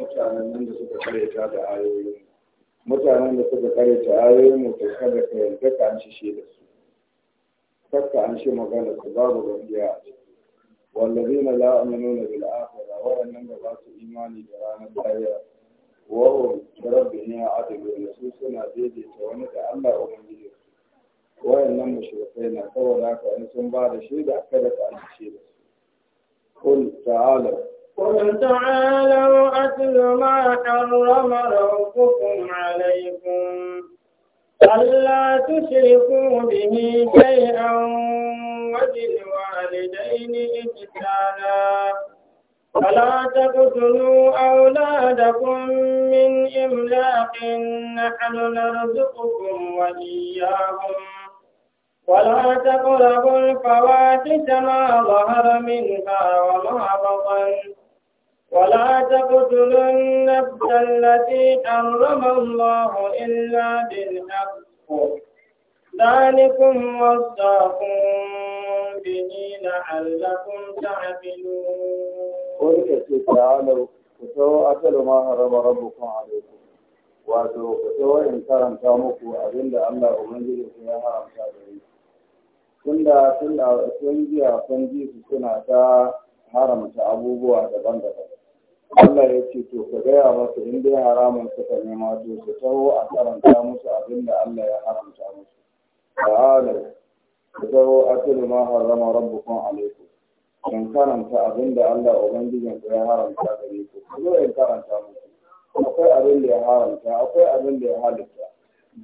mutanen nan da suka karyata da ayoyin mutanen da suka karyata ayoyin mu to kada ka yarda ka an shi da su kakka an shi magana su babu gaskiya والذين لا يؤمنون بالآخرة وأنهم لا إيمان برانا الآية وهم بربهم يعدلون نصوصنا بيدي تونك ألا أمنيه وأنهم مشركين فولاك أن سنبال شيدا كذا قل تعالوا قل تعالوا أتل ما حرم ربكم عليكم ألا تشركوا به شيئا وبالوالدين إحسانا ولا تقتلوا أولادكم من إملاق نحن نرزقكم وإياهم ولا تقربوا الفواحش ما ظهر منها وما بطن ولا تقتلوا النفس التي حرم الله إلا بالحق ذلكم وصاكم به لعلكم تعقلون قل تعالوا كتوا أكل ما حرم ربكم عليكم wato kusurwa in karanta muku abinda Allah Ubangiji ku ya haramta da yi. Tunda tun da sun jiya sun ji su suna ta haramta abubuwa daban-daban. Allah ya ce to ka gaya masa in dai haramun suka nema to su taho a karanta musu abin da Allah ya haramta musu. Ta'ala ku taho asilu ma harama rabbukum alaikum. In karanta abin da Allah Ubangijin ku ya haramta gare ku. Ku zo in karanta musu. Akwai abin da ya haramta, akwai abin da ya halitta.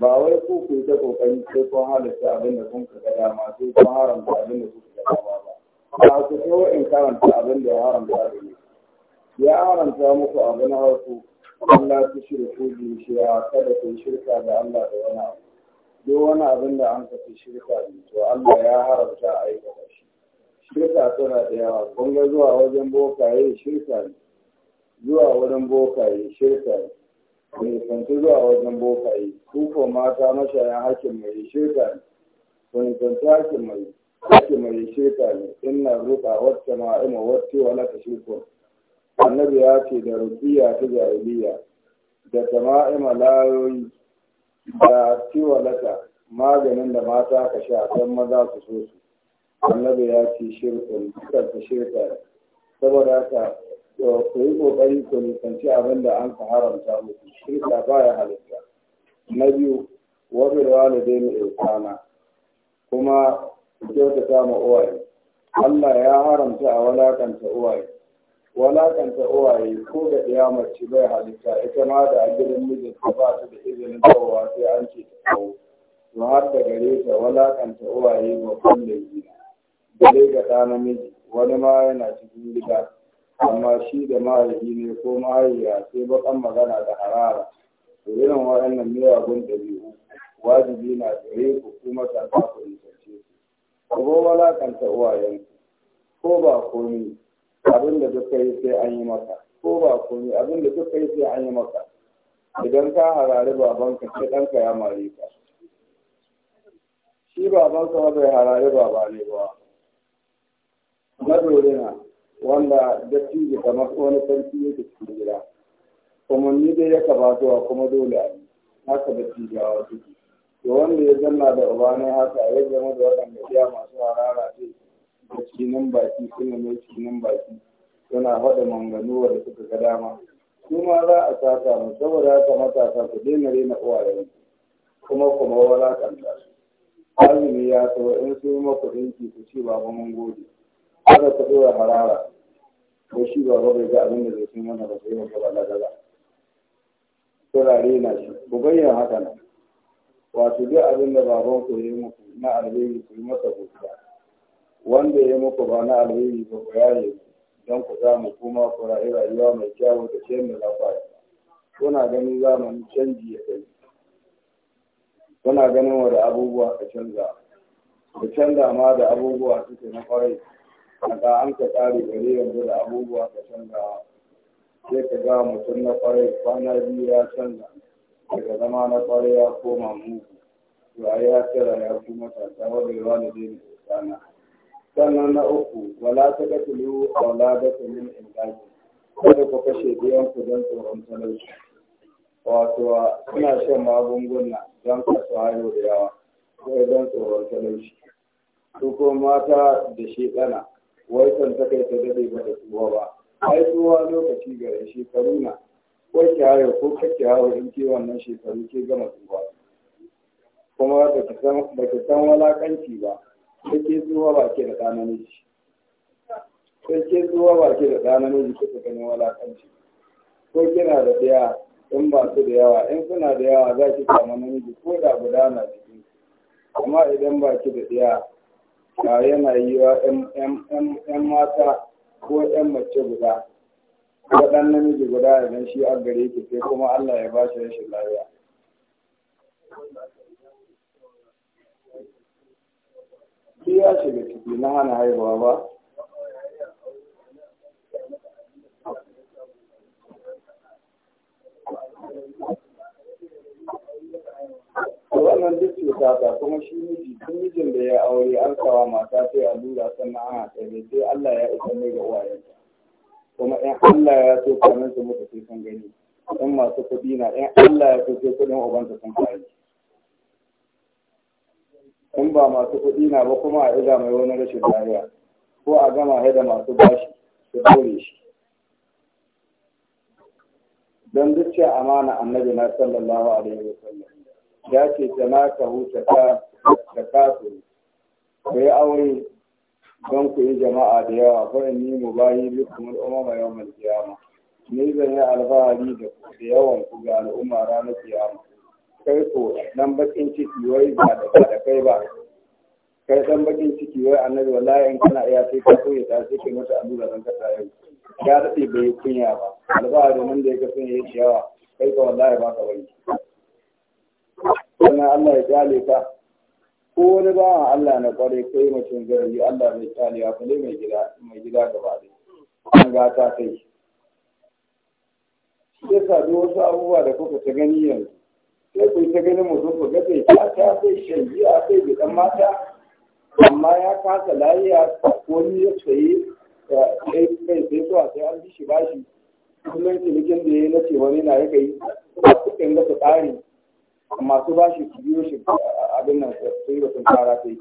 Ba wai ku ku ta kokari sai kun halitta abin da kun ka ga ma sai kun haramta abin da kuka ga ba. Ba ku taho in karanta abin da ya haramta gare ya haranta muku abu na harko Allah ta shirku bi shi'a kada ku shirka da Allah da wani abu duk wani abin da an kafi shirka ne to Allah ya haramta a yi gaba shi shirka tana da yawa kun ga zuwa wajen bokaye shirka ne zuwa wurin bokaye shirka ne mai nisanci zuwa wajen bokaye ku ko mata mashayan hakin mai shirka ne ku nisanci hakin mai hakin mai shirka ne ina ruka wata ma'ima wacce wala ta shirko annabi ya ce da rukiya ta jahiliya da sama'i layoyi da tiwalata maganin da mata ka sha don maza su so su annabi ya ce shirkun dukansa shirka saboda haka ku yi kokari ku nisanci abin da an ka haramta muku shirka baya halitta na biyu wabil walidaini ihsana kuma kyautata ma uwaye Allah ya haramta a walakanta uwaye walakanta uwaye ko ga ɗiyamar ci bai halitta ita ma da a gidan mijinta ba ta da izinin kawowa sai an ce ta kawo to har da gare ta walakanta uwaye kun da gida dare ga ɗa namiji wani ma yana cikin gida amma shi da mahaifi ne ko mahaifiya sai baƙan magana da harara to irin waɗannan miyagun ɗabi'u wajibi na gare ku kuma ta ku nisance su ko walakanta uwayenku ko ba komi abin da duka yi sai an yi maka ko ba komi abin da duka yi sai an yi maka idan ka harari babanka sai ɗanka ya mare ka shi babanka ba bai harari baba ne ba madorina wanda dattijo kamar wani sarki yake cikin gida kuma ni dai ya zuwa kuma dole a yi haka dattijawa suke to wanda ya zanna da ubanai haka ya zama da waɗanda iya masu harara zai da nan baki suna mai nan baki suna faɗa manganuwa da suka ga dama su ma za a saka mu saboda haka matasa ku daina rena uwayen kuma kuma walakanta su azumi ya tsawo in su yi maku ɗinki ku ci baba mun gode kada ku ɗora harara ko shi baba bai ga abin da zai sun mana ba sai maka balagala turare na shi ku bayyana haka nan wato duk abin da baban ya yi muku na alheri su yi masa godiya wanda ya muku ba na alheri ba ku yaye don ku za mu kuma ku rayu rayuwa mai kyau da ce mu lafiya kuna ganin zamanin canji ya kai kuna ganin wani abubuwa ka canza da canza ma da abubuwa suke na kwarai ka an ka tsari gare yanzu da abubuwa ka canza sai ka ga mutum na kwarai kwana biyu ya canza daga zama na kwarai ya koma mu to a ya tsira ya kuma tsantsa wadda ya wani daina tsana sannan na uku wala ta ga a wala da tulun ingaki kada ku kashe biyan ku don tsoron talauci wato suna shan magunguna don kasu hayo da yawa ko don tsoron talauci su mata da shi ɗana wai san ta kai ta dade ba da tuwa ba ai tuwa lokaci gare shekaru na kai ki hayo ko kake hayo in ke wannan shekaru ke gama tuwa kuma ba ki san walakanci ba sarki tsuwa ba ke da ɗa namiji sarki tsuwa ba ke da ɗa namiji kuka ganin walakanci ko kina da ɗaya in ba su da yawa in suna da yawa za ki samu namiji ko da guda na ciki amma idan ba ki da ɗaya ba yana yi wa ‘yan mata ko ‘yan mace guda ko ɗan namiji guda idan shi an gare ki sai kuma Allah ya ba shi rashin lafiya. shi ya shiga ciki na hana haihuwa ba wannan duk cuta ta kuma shi miji tun mijin da ya aure an kawa mata sai lura sannan ana tsaye sai Allah ya isa mai ga uwayenta kuma in Allah ya so kamin su mutu sai sun gani in masu kuɗi na in Allah ya so sai kuɗin ubanta sun kare in ba masu kuɗi na ba kuma a iga mai wani rashin lafiya ko a gama haida masu bashi su dole shi don duk ce amana annabi na sallallahu alaihi wa sallam ya ce ta na ka huta ta kafin ku yi aure don ku yi jama'a da yawa ko in yi mu bayi bikum al'umma yawan kiyama ni zan yi alfahari da yawan ku ga al'umma ranar kiyama kai ko dan bakin ciki wai ba da da kai ba kai dan bakin ciki wai annabi wallahi in kana iya sai ka koyi ta sai mata allura dan ka yau. ya dade bai kunya ba alba da mun da yake sun yi ciyawa kai ko wallahi ba ka bari kana Allah ya jale ka ko wani ba Allah na kware kai mutum gari Allah bai jale ya kule mai gida mai gida gaba da an ga ta kai yasa duk wasu abubuwa da kuka ta gani yanzu sai ku ta ganin mutum ku ga bai ta bai shan giya bai gidan mata amma ya kasa layiya wani ya tsaye bai sai zuwa sai an bi shi bashi kullum cinikin da ya yi na ce wani na ya kai a kuɗin da su tsari masu bashi su biyo shi abin nan sai da sun fara sai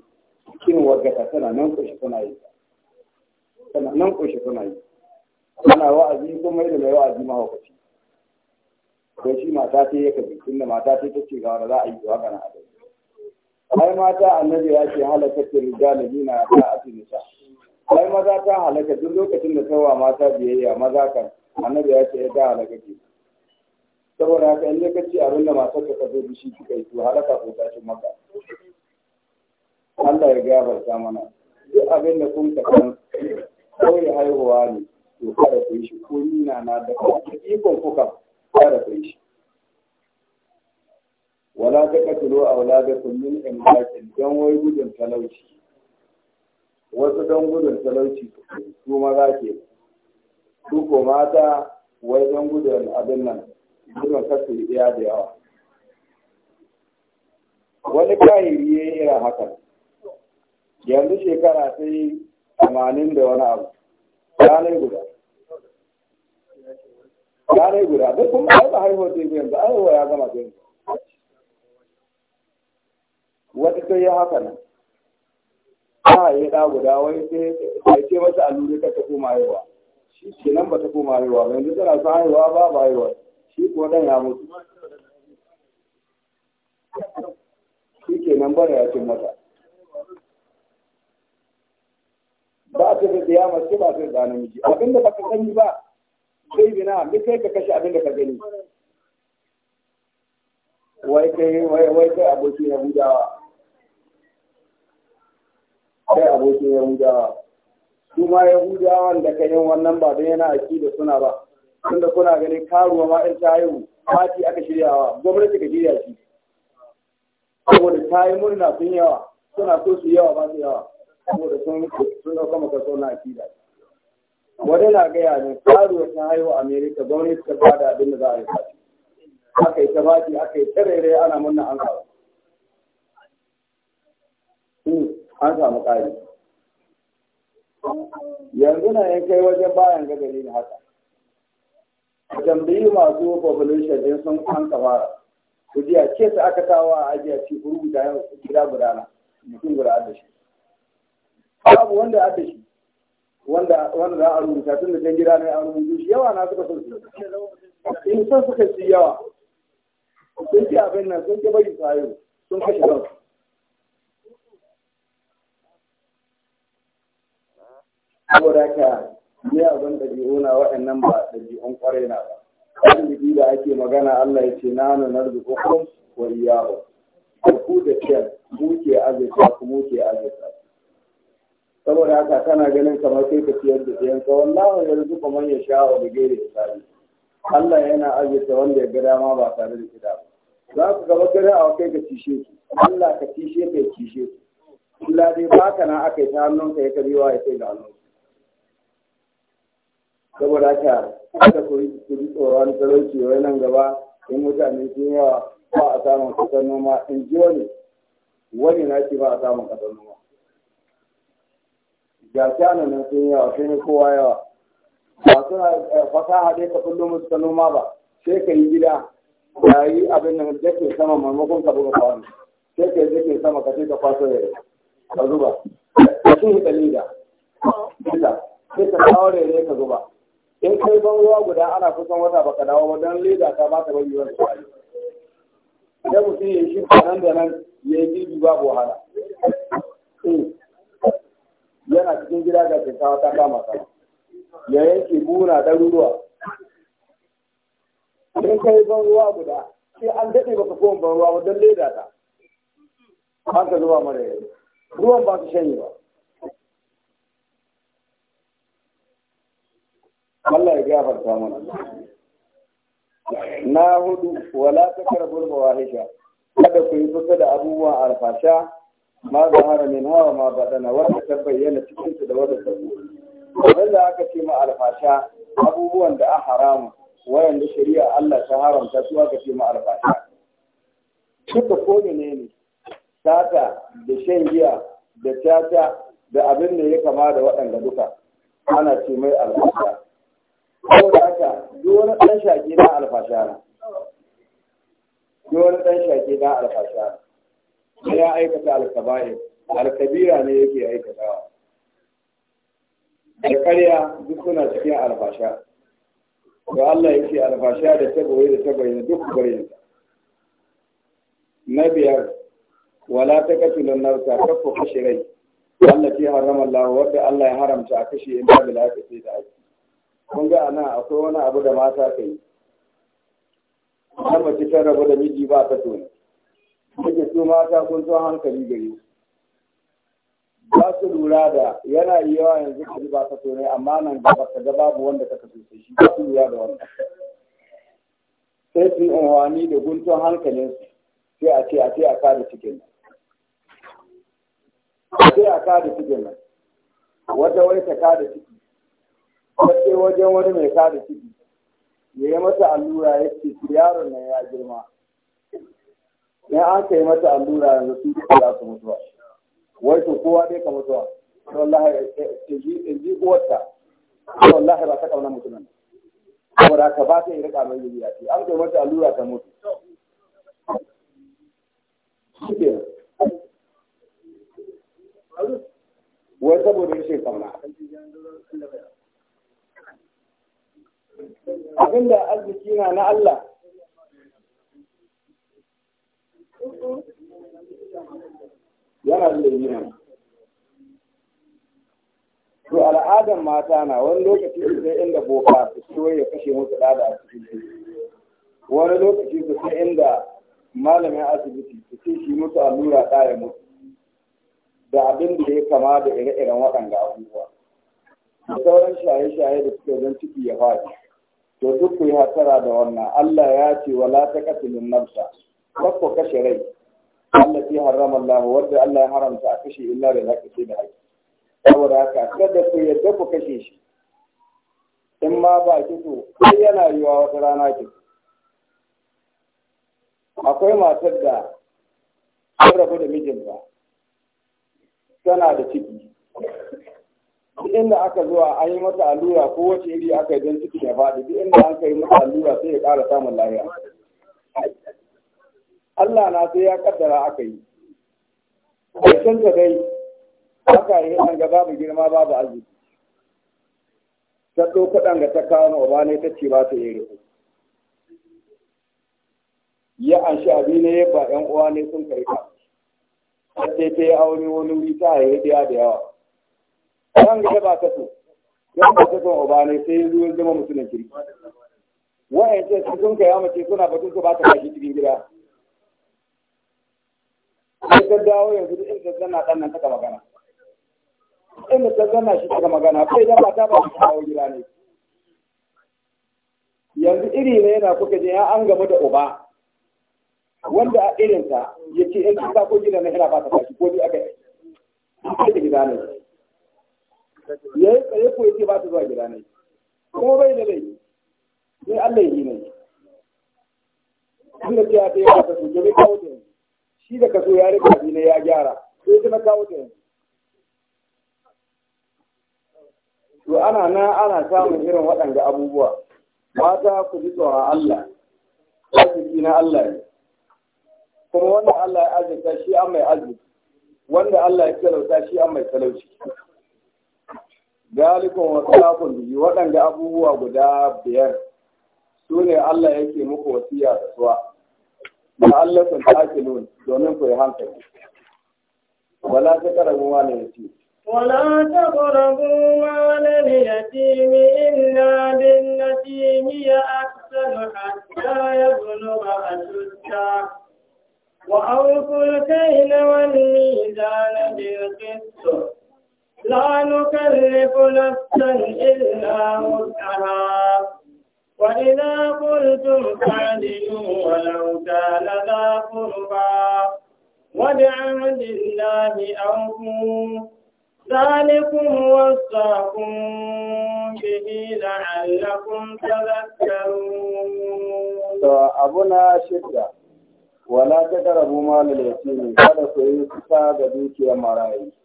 kin wargata tana nan ƙoshi tana yi tana nan ƙoshi tana yi tana wa'azi kuma yadda mai wa'azi mahaukaci ko shi mata ta yaka jikin da mata ta ce ga wanda za a yi zuwa kana a ai mata annabi ya ce halaka ta rijal dina ta atinisa ai maza ta halaka duk lokacin da tawa mata biyayya maza kan annabi ya ce ta halaka ce saboda haka in ka ci abin da matar ka zo da shi kika yi to halaka ko ta ci maka Allah ya gafarta mana duk abin da kun ka san kawai haihuwa ne to kada ku yi shi ko nina na da kuma ikon kuka fara kai shi wala ta katilo a wala da kullum in bakin don wai gudun talauci wasu don gudun talauci su maza ke su ko mata wai don gudun abin nan gudun kasu iya da yawa wani kahiri ya yi irin hakan yanzu shekara sai tamanin da wani abu ranar guda ranar guda duk kuma ai ba haihuwar da haihuwa ya gama da yanzu wata ta ya haka nan ta yi ɗa guda wai sai ya ce mata allure ta koma haihuwa shi ke nan ba ta koma haihuwa ba yanzu tana son haihuwa ba ba haihuwa shi ko ɗan ya mutu shi ke nan bara ya ce mata ba ta da ya mace ba ta da namiji abinda ba ka sani ba sai zina duk sai ka kashe abin da ka gani wai kai wai kai abokin yahudawa kai abokin yahudawa su ma yahudawan da kan yin wannan ba don yana aiki da suna ba tunda kuna ganin karuwa ma in ta yi fati aka shiryawa gwamnati ka shirya shi saboda ta yi murna sun yawa suna so su yawa ba su yawa saboda sun sun ɗauka maka na akida wani na gaya ne karuwa ta haihu amerika gwamnati ta ba da abin da za a yi kaci aka yi tabaki aka yi tarere ana muna an kawo hmm, an samu ƙari yanzu na yin kai wajen bayan gagari da haka tambayi masu population din sun an kabara ku ji a ce su aka kawo a ajiya ci yau guda gida gudana mutum guda da shi babu wanda aka shi wanda za a rubuta tun da gida ne a rubutu shi yawa na suka son su in sun suka ci yawa sun ci abin nan sun ci bari tsayo, sun kashe kansu saboda ka ne abin ɗabi'u na waɗannan ba ɗabi'un ƙwarai na ba arziki da ake magana Allah ya ce na nuna arziki hukum wa iyahu ku da kyan muke azurta ku muke saboda haka kana ganin kamar sai ka ciyar da ɗiyanka wallahu yanzu kuma ya sha wa da gairi hisabi Allah yana arzika wanda ya ga dama ba tare da kida ba za ku gaba gari a kai ka cishe su Allah ka cishe ka ya cishe su Allah dai ka na aka yi ta hannunka ya wa ya kai da hannun saboda haka kada ku yi tsoron talauci wai nan gaba in mutane sun yawa ba a samun kasar noma in ji wani wani na ce ba a samun kasar noma ga shanu nan sun yawa sun yi kowa yawa ba suna eh, fasaha dai ka kullum musu ta noma ba sai ka yi gida ka yi abin nan jakin sama maimakon ka buga kwano sai ka yi jakin sama ka ce ka kwaso yare ka zuba ka shi hita lida lida sai ka kawo yare ka zuba in kai ban ruwa guda ana kusan wata baka dawo ba don leda ta ba ta bari wani kwari idan mutum ya shi nan da nan ya yi girbi babu wahala eh. yana cikin gida ga shinkawa ta kama ta ya yanke buna ɗaruruwa in kai ban ruwa guda sai an daɗe baka kowane ban ruwa don leda ta an ka zuba mana yanzu ruwan ba su shanye ba Allah ya gafarta mana na hudu wala ta karbul mawahisha kada ku yi kusa da abubuwan alfasha ma zahara min hawa ma badana wanda ta bayyana cikin su da wanda ta abin da aka ce ma alfasha abubuwan da a haramu da shari'a Allah ta haramta su aka ce ma alfasha duka ko ne ne sata da shan giya da tata da abin da ya kama da waɗanda duka ana ce mai alfasha da haka duk wani ɗan shaƙi na alfasha na duk ɗan shaƙi na alfasha ya aikata alkaba'i alkabira ne yake aikatawa da karya duk suna cikin albasha to Allah yake albasha da taboye da na duk barin na biyar wala ta katulan ta kakko kashe rai Allah ke harama Allah wadda Allah ya haramta a kashe in babu lafiya sai da aiki kun ga ana akwai wani abu da mata kai amma mace ta rabu da miji ba ta tuni suke su mata kun san hankali gari ba su lura da yana yawa yanzu ka ji ba ka so ne amma nan gaba ka ga babu wanda ka kaso shi ba su lura da wannan sai sun unwani da guntun hankalin sai a ce a ce a ka da cikin nan ce a da cikin nan wata wai ta ka da ciki wata wajen wani mai ka da ciki ya yi mata allura ya ce yaron nan ya girma in an kai mata allura yanzu su duka za su mutuwa wai to kowa dai ka mutuwa to wallahi eh, in ji uwarta to wallahi ba ta kauna mutumin saboda ka ba ta yi rika mai yuriya ce an kai mata allura ta mutu wai saboda ce kauna abinda arziki na na Allah yana da yana to al'adar mata na wani lokaci su sai inda boka su so ya kashe musu da a cikin wani lokaci su sai inda malamin asibiti su ce shi musu allura ɗaya musu da abin da ya kama da ire-iren waɗanda abubuwa da sauran shaye-shaye da suke don ciki ya faɗi to duk ku yi hasara da wannan Allah ya ce wala ta katilin nafsa kakko kashe rai Allah fi harama Allah wadda Allah ya haramta a kashe illa da zaka ce da haƙƙi saboda haka kada ku yadda ku kashe shi in ma ba ki so sai yana yiwa wata rana ki akwai matar da an rabu da mijinta tana da ciki inda aka zuwa an yi mata allura ko wace iri aka yi don ciki ya faɗi duk inda an kai mata allura sai ya ƙara samun lahiya Allah na sai ya kaddara aka yi ƙarshen da dai aka yi nan ga babu girma babu arziki ta ɗauka ɗan ga ta kawo ma uba ne ta ce ba ta yi ya an shi abi ne ba ƴan uwa ne sun kai ka sai ta yi aure wani wuri ta haihu ɗaya da yawa ɗan ga ba ta so yan ba ta so uba ne sai zuwa zama musulun kiri. wa'yan ce sun kai amince suna batun su ba ta kashi cikin gida ta dawo yanzu duk inda zana ɗan nan taka magana inda ta shi taka magana kai idan ba ta ba ta kawo gida ne yanzu iri ne yana kuka je ya an gama da uba wanda a irinta, ya ce in ta ko na yana ba ta tashi ko ni aka yi ta gida ne ya yi tsaye ko ya ce ba ta zuwa gida ne kuma bai ta yi ba ta jami shi da kaso ya rika ne ya gyara sai ta na kawo ta yanzu to ana na ana samun irin waɗanda abubuwa mata ku ji tsoron Allah arziki na Allah ne kuma wanda Allah ya arzika shi an mai arziki wanda Allah ya talauta shi an mai talauci galikon wasu biyu waɗanda abubuwa guda biyar su ne Allah yake muku wasiya da suwa da Allah sun taki nun domin ku yi hankali wala ta karabu ma ne yace wala ta karabu ma ne yatim illa bil yatim ya aksan hatta yablugha ashudda وأوفوا الكيل والميزان بالقسط Wàdàn àwọn ọmọdé láàárín àwọn ọmọdé láàárín àwọn ọmọdé láàárín àwọn ọmọdé láàárín àwọn ọmọdé láàárín àwọn ọmọdé láàárín àwọn ọmọdé láàárín àwọn ọmọdé láàárín àwọn ọmọdé láàárín àwọn ọmọdé láàárín àwọn ọmọdé láàárín àwọn ọmọdé láàárín àwọn ọmọdé láàárín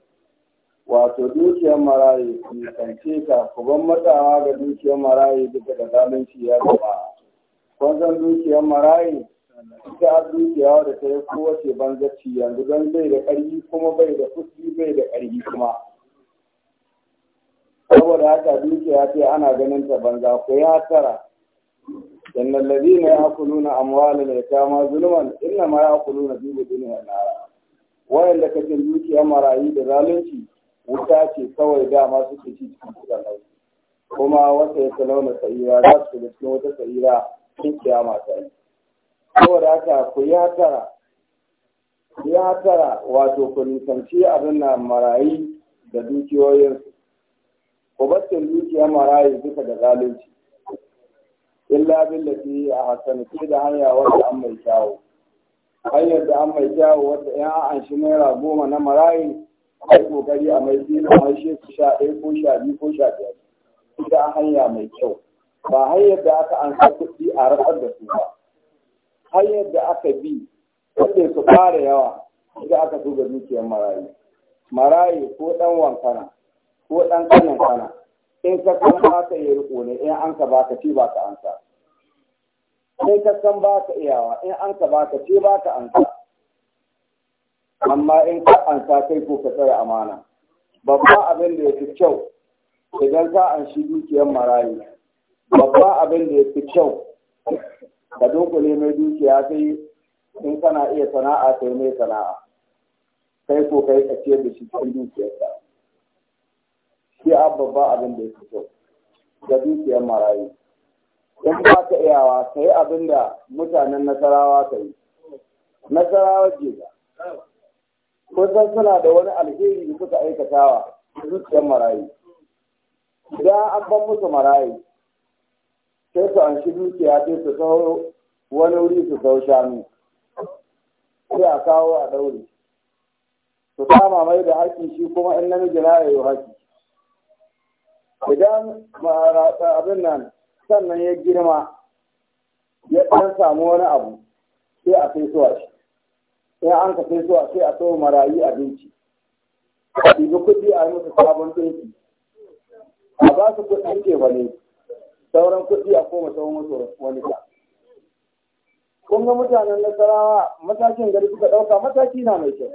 wato dukiyar marayi ku nisance ka ku ban matsawa ga dukiyar marayi duka da zalunci ya gaba kun san dukiyar marayi ita a dukiya da ta yi kowace banzarci yanzu don bai da ƙarfi kuma bai da kuɗi bai da ƙarfi kuma saboda haka dukiya ce ana ganin ta banza ku yi hasara inna alladhina ya'kuluna amwalal yatama zulman inna ma ya'kuluna fi budunihim nara wayanda kace dukiyar marayi da zalunci wuta ce kawai dama suke ci cikin kudan nan kuma wata ya launa sa'ira za su da cikin wata sa'ira cikin kiya masu yi saboda haka ku yi tara ku yi wato ku nisanci abin na marayi da dukiyoyinsu ku baccin dukiyar marayi duka da zalunci illa billati a hasana ke da hanya wanda an mai kyawu hanyar da an mai kyawu wata ya an shi naira goma na marayi kokari a mai tsina a shi su sha ɗaya ko sha biyu ko sha biyar ita hanya mai kyau ba hanyar da aka an kuɗi a rasar da su ba hanyar da aka bi wanda su fara yawa ita aka so ga dukiyar marayu marayu ko ɗan wankana ko ɗan kanan kana in ka san ba ka iya riko ne in an ka ba ka ce ba ka ansa sai ka san ba ka iyawa in an ka ba ka ce ba ka ansa amma in ka sa kai ko ka tsare amana babba abin da ya kyau idan ka an shi dukiyar marayu babba abin da ya kyau ka ne mai dukiya sai in kana iya sana'a sai mai sana'a kai ko kai ce da shi cikin ka shi a babba abin da ya kyau da dukiyar marayu in ba ka iyawa sai abin da mutanen nasarawa ka yi nasarawa ba kun san suna da wani alheri da suka aikatawa zuciyar marayu idan an ban musu marayu sai su an shi dukiya sai su sau wani wuri su sau shanu sai a kawo a ɗaure su kama mai da haƙƙi shi kuma in namiji na yayi haƙƙi idan abin nan sannan ya girma ya ɗan samu wani abu sai a kai su shi sai an ka sai zuwa sai a sau marayu abinci a ɗibi kuɗi a yi musu sabon ɗinki a ba su kuɗin ke wani sauran kuɗi a koma sauran wasu wani ta kun ga mutanen nasarawa matakin gari suka ɗauka mataki na mai kyau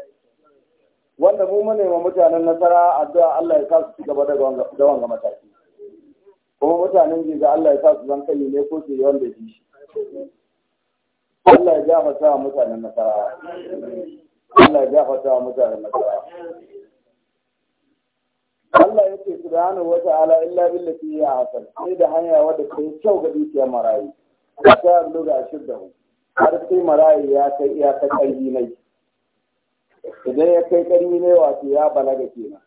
wanda mu ma mutanen nasara addu'a Allah ya sa su da wanga mataki kuma mutanen jiga Allah ya sa su zan kai ne ko su yi wanda shi Allah ya fata wa mutanen nasara Allah ya fata wa mutanen nasara Allah ya ce hannu wata ala illa billati ya hasar sai da hanya wadda ta yi kyau ga dukiyar marayi ta yanzu ga shirda har sai marayi ya kai iya ta ƙarfi ne idan ya kai ƙarfi ne wato ya balaga kenan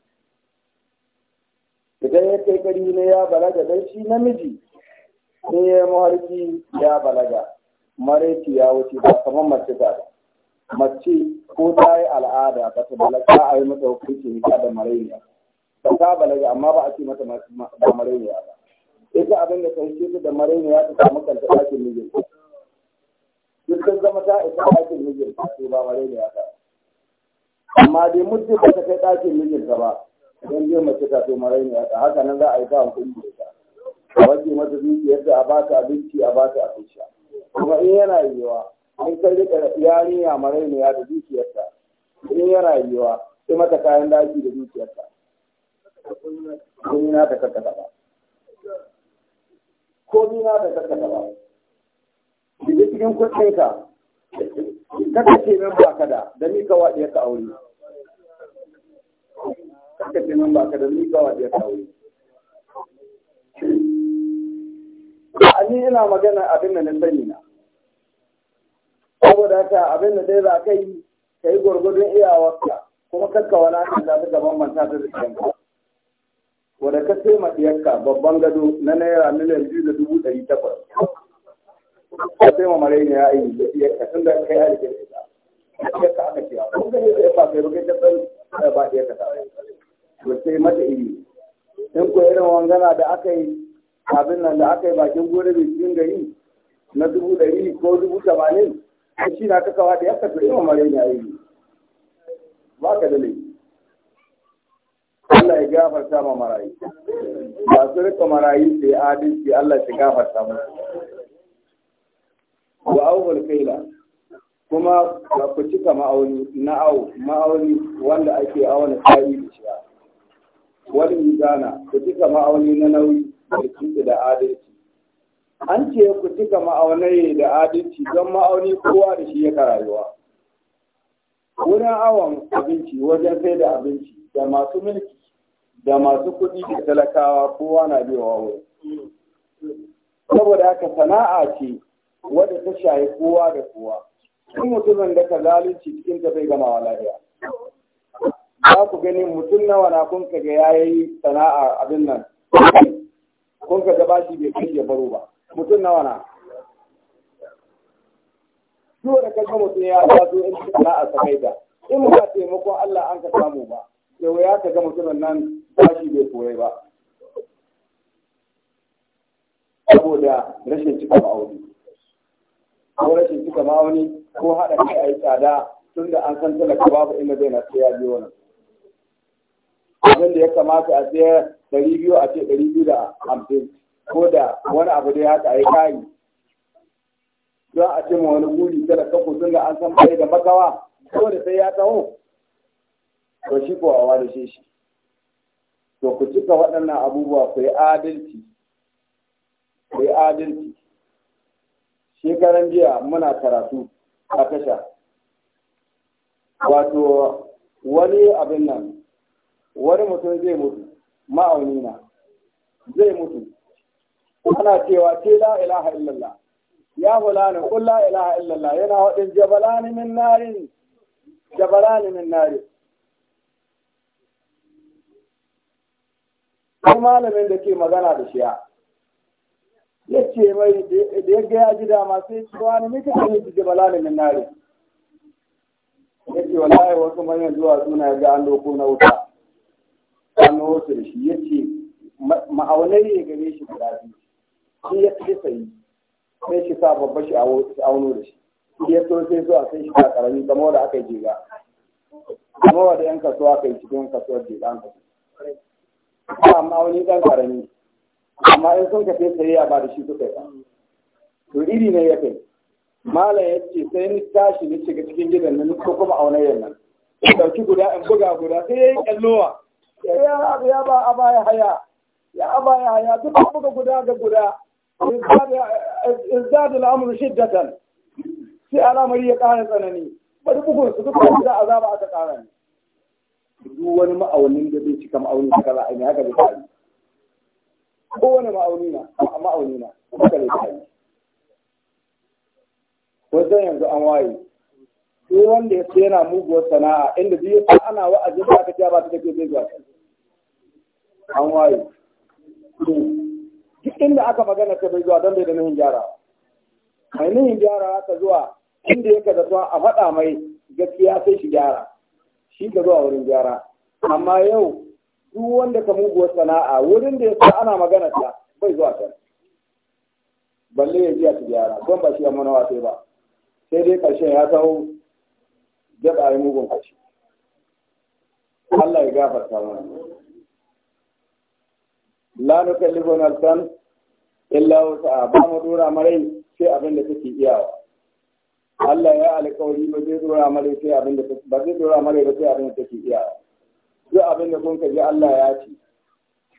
idan ya kai ƙarfi ne ya balaga dan shi namiji sai ya maharki ya balaga maraici ya wuce ba kamar mace ba mace ko ta yi al'ada ba ta balaga a yi mata hukunci ne da marainiya ba ta balaga amma ba a ce mata da marainiya ba ita abin da ta yi ta da marainiya ta samu kanta ɗakin mijinta duk sun zama ta isa ɗakin mijinta to ba marainiya ta amma dai mutum ba ta kai ɗakin mijinta ba don je mace ta to marainiya ta haka nan za a yi ta hukunci da a wajen mata zuciyar da a ba ta abinci a ba ta abin sha kuma in yana yiwuwa in kai rika yarinya marai ne ya da dukiyarta in yana yiwuwa sai mata kayan daji da dukiyarta komi na ta karkata ba komi na ta karkata ba ki ji cikin kuɗin ka kada ce min ba ka da ni ka waɗe ka aure kada ce nan ba ka da ni ka waɗe ka aure a ni ina magana abin da na sani na saboda ta abin da dai za ka yi ka yi gwargwadon iyawarka kuma kakka wala ka zaɓi gaban manta ta zikinka wadda ka sai maɗiyarka babban gado na naira miliyan biyu da dubu ɗari takwas ka sai mamare ne ya yi da tun da kai alikin ita ka aka cewa ko kuma kai da ba kai ba kai ta san ba ɗiyarka ta to sai mata iri in ko irin wangana da aka yi abin nan da aka yi bakin gore bai cikin gari na dubu ɗari ko dubu tamanin ko shi na kakawa da ya kasu ima mare ne a yi ba ka da laifi Allah ya gafarta ma marayi ba su rika marayi sai adalci Allah ya gafarta musu wa awwal kaila kuma ba ku cika ma'auni na awo ma'auni wanda ake awon sa'i da shiya wani mizana ku cika ma'auni na nauyi da adalci an ce ku cika ma'aunai da adalci don ma'auni kowa da shi yaka rayuwa wurin awon abinci wajen sai da abinci da masu mulki da masu kuɗi da talakawa kowa na biyawa wurin saboda haka sana'a ce wadda ta shayi kowa da kowa in mutumin da ka zalunci cikin ta bai gama lafiya za ku gani mutum nawa na kun ya yayi sana'a abin nan kun ka bashi bai kai ya baro ba mutum nawa na duk da kaga mutum ya taso in kana a sakaita in ba taimakon Allah an ka samu ba sai waya ka ga mutumin nan bashi bai koyi ba saboda rashin cika ma'auni ko rashin cika ma'auni ko haɗa kai a yi tsada tun da an san talaka babu inda zai na tsaya ya biyo nan abin da ya kamata a tsaya ɗari biyu a ce ɗari biyu da hamsin ko da wani abu da ya haka ya kayi don a ce ma wani guri ta kanku sun ga an san bai da makawa ko da sai ya taho Ko shi ko a wani shi shi to ku cika waɗannan abubuwa ku yi adalci ku yi adalci shekaran jiya muna karatu a tasha wato wani abin nan wani mutum zai mutu Ma'aunina zai mutu ana cewa ce la ilaha illallah ya fulani kun la ilaha illallah yana waɗin jabalani min narin jabalani min narin har malamin da ke magana da shiya ya ce mai da ya gaya ji dama sai cewa ne mika kan yi jabalani min narin ya ce wallahi wasu manyan zuwa suna ya ga an doku na wuta gano su da shi ya ce ma'aunai ya gare shi guda biyu shi ya ce sayi sai shi sa babba shi auno da shi shi ya so sai zuwa sai shi ta karami kama wanda aka yi jega kama wanda yan kasuwa kai shi cikin kasuwar jega an kasu ba ma'auni dan karami amma in sun kafe sai ya ba da shi suka yi to iri ne ya kai malam ya ce sai ni tashi ni shiga cikin gidan nan ko kuma aunayen nan ɗauki guda in buga guda sai ya yi kallowa ya ya ba a baya haya ya a baya haya duk an buga guda ga guda izdadul amru shiddatan sai al'amari ya kara tsanani bari bugun su duk da ba aka kara ne duk wani ma'aunin da zai cika ma'aunin da kaza ainihin haka da tsari kowane ma'auni na ma'auni na haka bai tsari wajen yanzu an waye sai wanda ya ce yana muguwar sana'a inda biyu ana wa'azin da aka ce ba ta ke zai zuwa kai an waye to duk inda aka magana ta bai zuwa don bai da nuhin gyara mai nuhin gyara ka zuwa inda yake da zuwa a faɗa mai gaskiya sai shi gyara shi ka zuwa wurin gyara amma yau duk wanda ka muguwar sana'a wurin da ya sa ana magana ta bai zuwa can balle ya jiya ta gyara don ba shi ya manawa sai ba sai dai ƙarshen ya taho daɗa yi mugun ƙarshe Allah ya gafarta mana la nukallifu nafsan illa wusa ba mu dora mai sai abin da take iyawa Allah ya alƙawari ba zai dora mai sai abin da ba zai dora mai ba sai abin da take iyawa duk abin da kun ji Allah ya ce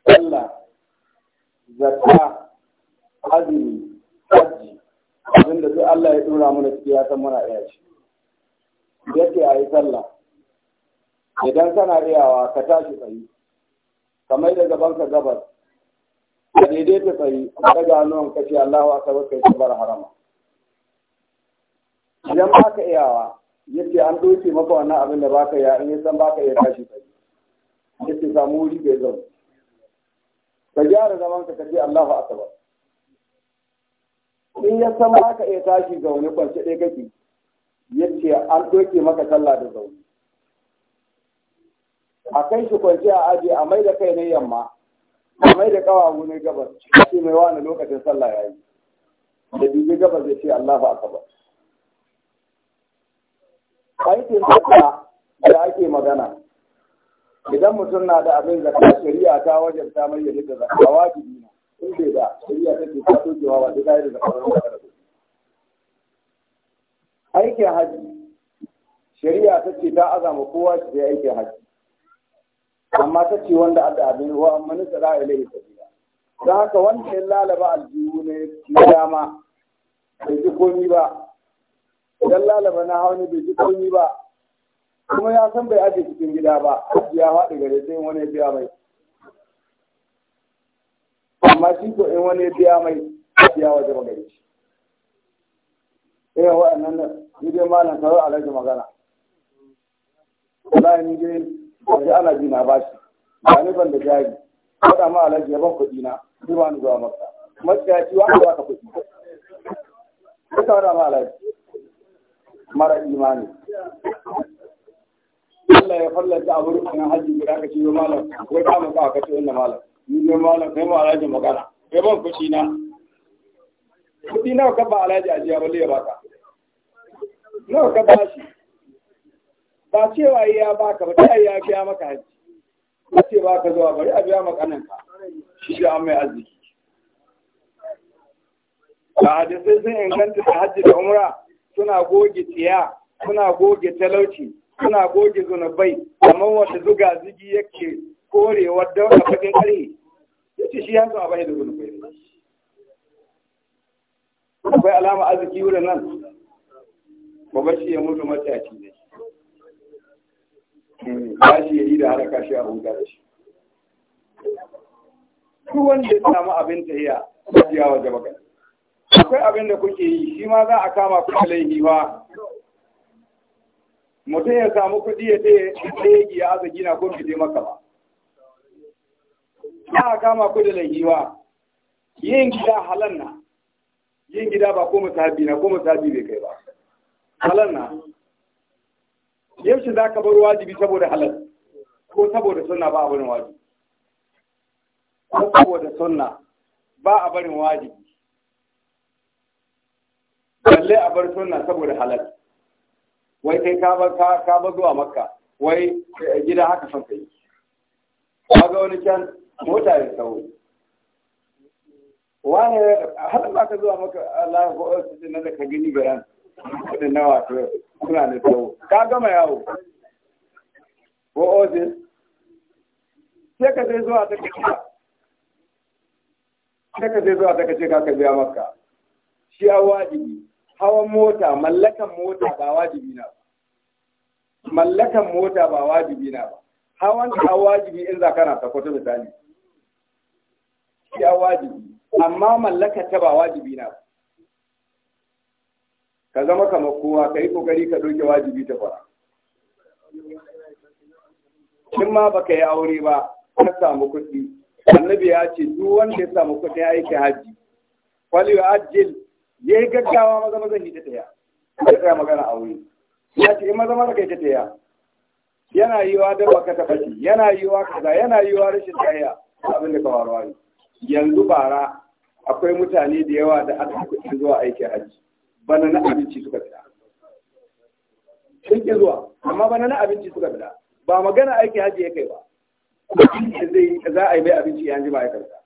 Allah zakka azumi hajji abin da duk Allah ya dora mana ciki ya san muna iya shi yake a yi sallah idan kana iyawa ka tashi tsayi kamar da gaban ka gabas daidai ta tsayi daga hannuwan ka ce Allahu akbar kai ta bar harama idan ba ka iyawa yace an doke maka wannan abin da baka iya in yasan baka iya tashi tsayi yace samu wuri bai zo ka gyara zaman ka kace Allahu akbar in yasan baka iya tashi zaune kwance ɗaya kake yace an doke maka sallah da zaune a kai shi kwance a aji a mai da kai na yamma mai da kawawu ne gabas ce mai wani lokacin sallah ya yi da dubi gabas ya ce Allahu akbar aikin zakka da ake magana idan mutum na da abin zakka shari'a ta wajen mai yadda da zakka wajibi ne in bai da shari'a ta ce ta tokewa ba ta zai da zakka aikin haji shari'a ta ce ta azama kowa shi aikin haji amma ta ce wanda adda abin wa amma ni tsara ilai sabila don haka wanda ya lalaba aljihu ne na dama bai ji komi ba dan lalaba na hawa ne bai ji komi ba kuma ya san bai aje cikin gida ba ya haɗu gare sai wani ya biya mai amma shi ko in wani ya biya mai ya waje magana shi irin waɗannan ne dai malam a alhaji magana wallahi ni dai yanzu ana ji na bashi ba ne ban da jari faɗa ma alhaji ya ban kuɗi na ni ba ni zuwa makka ci wa ba ka kuɗi ka faɗa ma alhaji mara imani Allah ya fallanta a wurin kan hajji guda ka ce malam wai ka maka ka ce wanda malam ni ne malam kai ma alhaji magana kai ban kuɗi na kuɗi nawa ka ba alhaji ajiya balle ya baka nawa ka ba shi ba cewa ya baka ba ta ya biya maka haji ba ce ba ka zuwa bari a biya maka ka shi shi an mai arziki da sai sun inganta da hajji da umra suna goge tsiya suna goge talauci suna goge zunubai amma wata zuga zigi yake wadda wata fagen kare ya ce shi yanzu a bai da zunubai akwai alama arziki wurin nan ba shi ya mutu matashi ba shi yi da haraka shi a huta da shi duk wanda ya samu abin tahiya ya waje baka akwai abin da kuke yi shi ma za a kama ku laifi ba mutum ya samu kuɗi ya ce ɗaya ya aza gina ko bai maka ba za a kama ku da laihi ba yin gida halan na yin gida ba ko musabi na ko musabi bai kai ba halan na yaushe za ka bar wajibi saboda halal ko saboda sunna ba a barin wajibi ko saboda sunna ba a barin wajibi balle a bar sunna saboda halal wai kai ka bar ka bar zuwa makka wai gida haka son kai ka ga wani can mota ya sauri wani har ba ka zuwa maka Allah ko na da ka gani garan kudin nawa to suna da tsawo ka gama yawo ko oze sai ka sai zuwa ta cika sai ka sai zuwa ta kace ka biya maka shi a wajibi hawan mota mallakan mota ba wajibi na ba mallakan mota ba wajibi na ba hawan ta wajibi in za kana sakwato misali shi a wajibi amma mallaka ta ba wajibi na ba ka zama kamar kowa ka yi kokari ka ɗauke wajibi ta fara Shin ma baka yi aure ba ka samu kuɗi annabi ya ce duk wanda ya samu kuɗi aiki hajji fali wa ajil ya yi gaggawa maza maza yi ta taya ya tsaya magana aure ya ce in eh, maza maza kai ta taya yana yiwa da baka ta fashi yana wa kaza yana wa rashin tsaya abin da ka ne. yanzu bara akwai mutane da yawa da aka kuɗi zuwa aiki hajji bana na abinci suka fita sun ke zuwa amma bana na abinci suka fita ba magana aiki hajji ya kai ba za a yi mai abinci ya ji ma'aikarta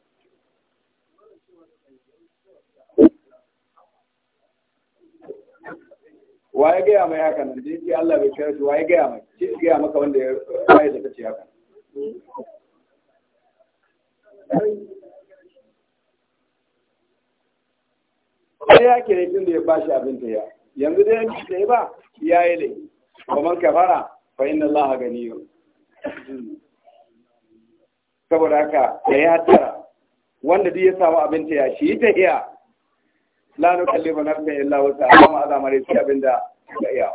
wa ya gaya mai hakan nan jiki Allah bai kira shi wa ya gaya mai shi ya gaya maka wanda ya bayar da kace hakan ya ke ne tun da ya bashi abin ta ya yanzu da yanki da ya ba ya yi ne. ba man kafara fa inna Allah gani yau saboda haka ya yi hattara wanda duk ya samu abin ta ya shi ta iya la nu kallifa nafsan illa wasa amma azamare shi abin da ya iya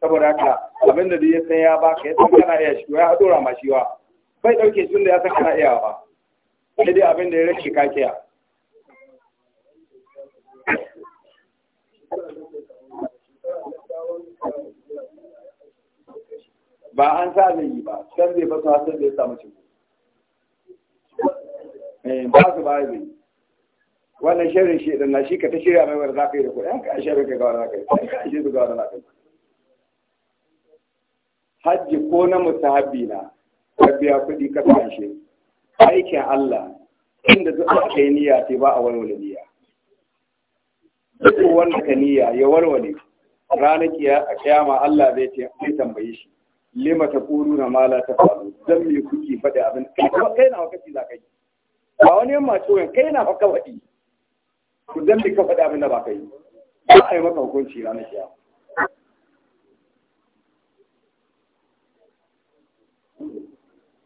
saboda haka abin da duk ya san ya baka ya san kana iya shi ya dora ma shi wa bai dauke tun da ya san kana iya ba sai dai abin da ya rage kakiya ba an sa zai yi ba can zai fasa hasar da ya samu ciko eh, ba su ba zai wannan shirin shi din na shi ka ta shirya mai wani za da kuɗi an ka shirin ka gawar za ka yi an ka shirin gawar za hajji ko na musahabi na ka biya kuɗi ka kashe aikin Allah inda duk aka yi niyya ce ba a walwala niyya duk wanda ka niyya ya walwale ranar kiyama Allah zai tambaye shi lima ta kuru na mala ta faru don me kuke faɗi abin kai na wakaci za ka yi ba wani yamma ciwon kai na haka faɗi ku zan me ka faɗi abin da ba ka yi ba a yi maka hukunci ranar kiyama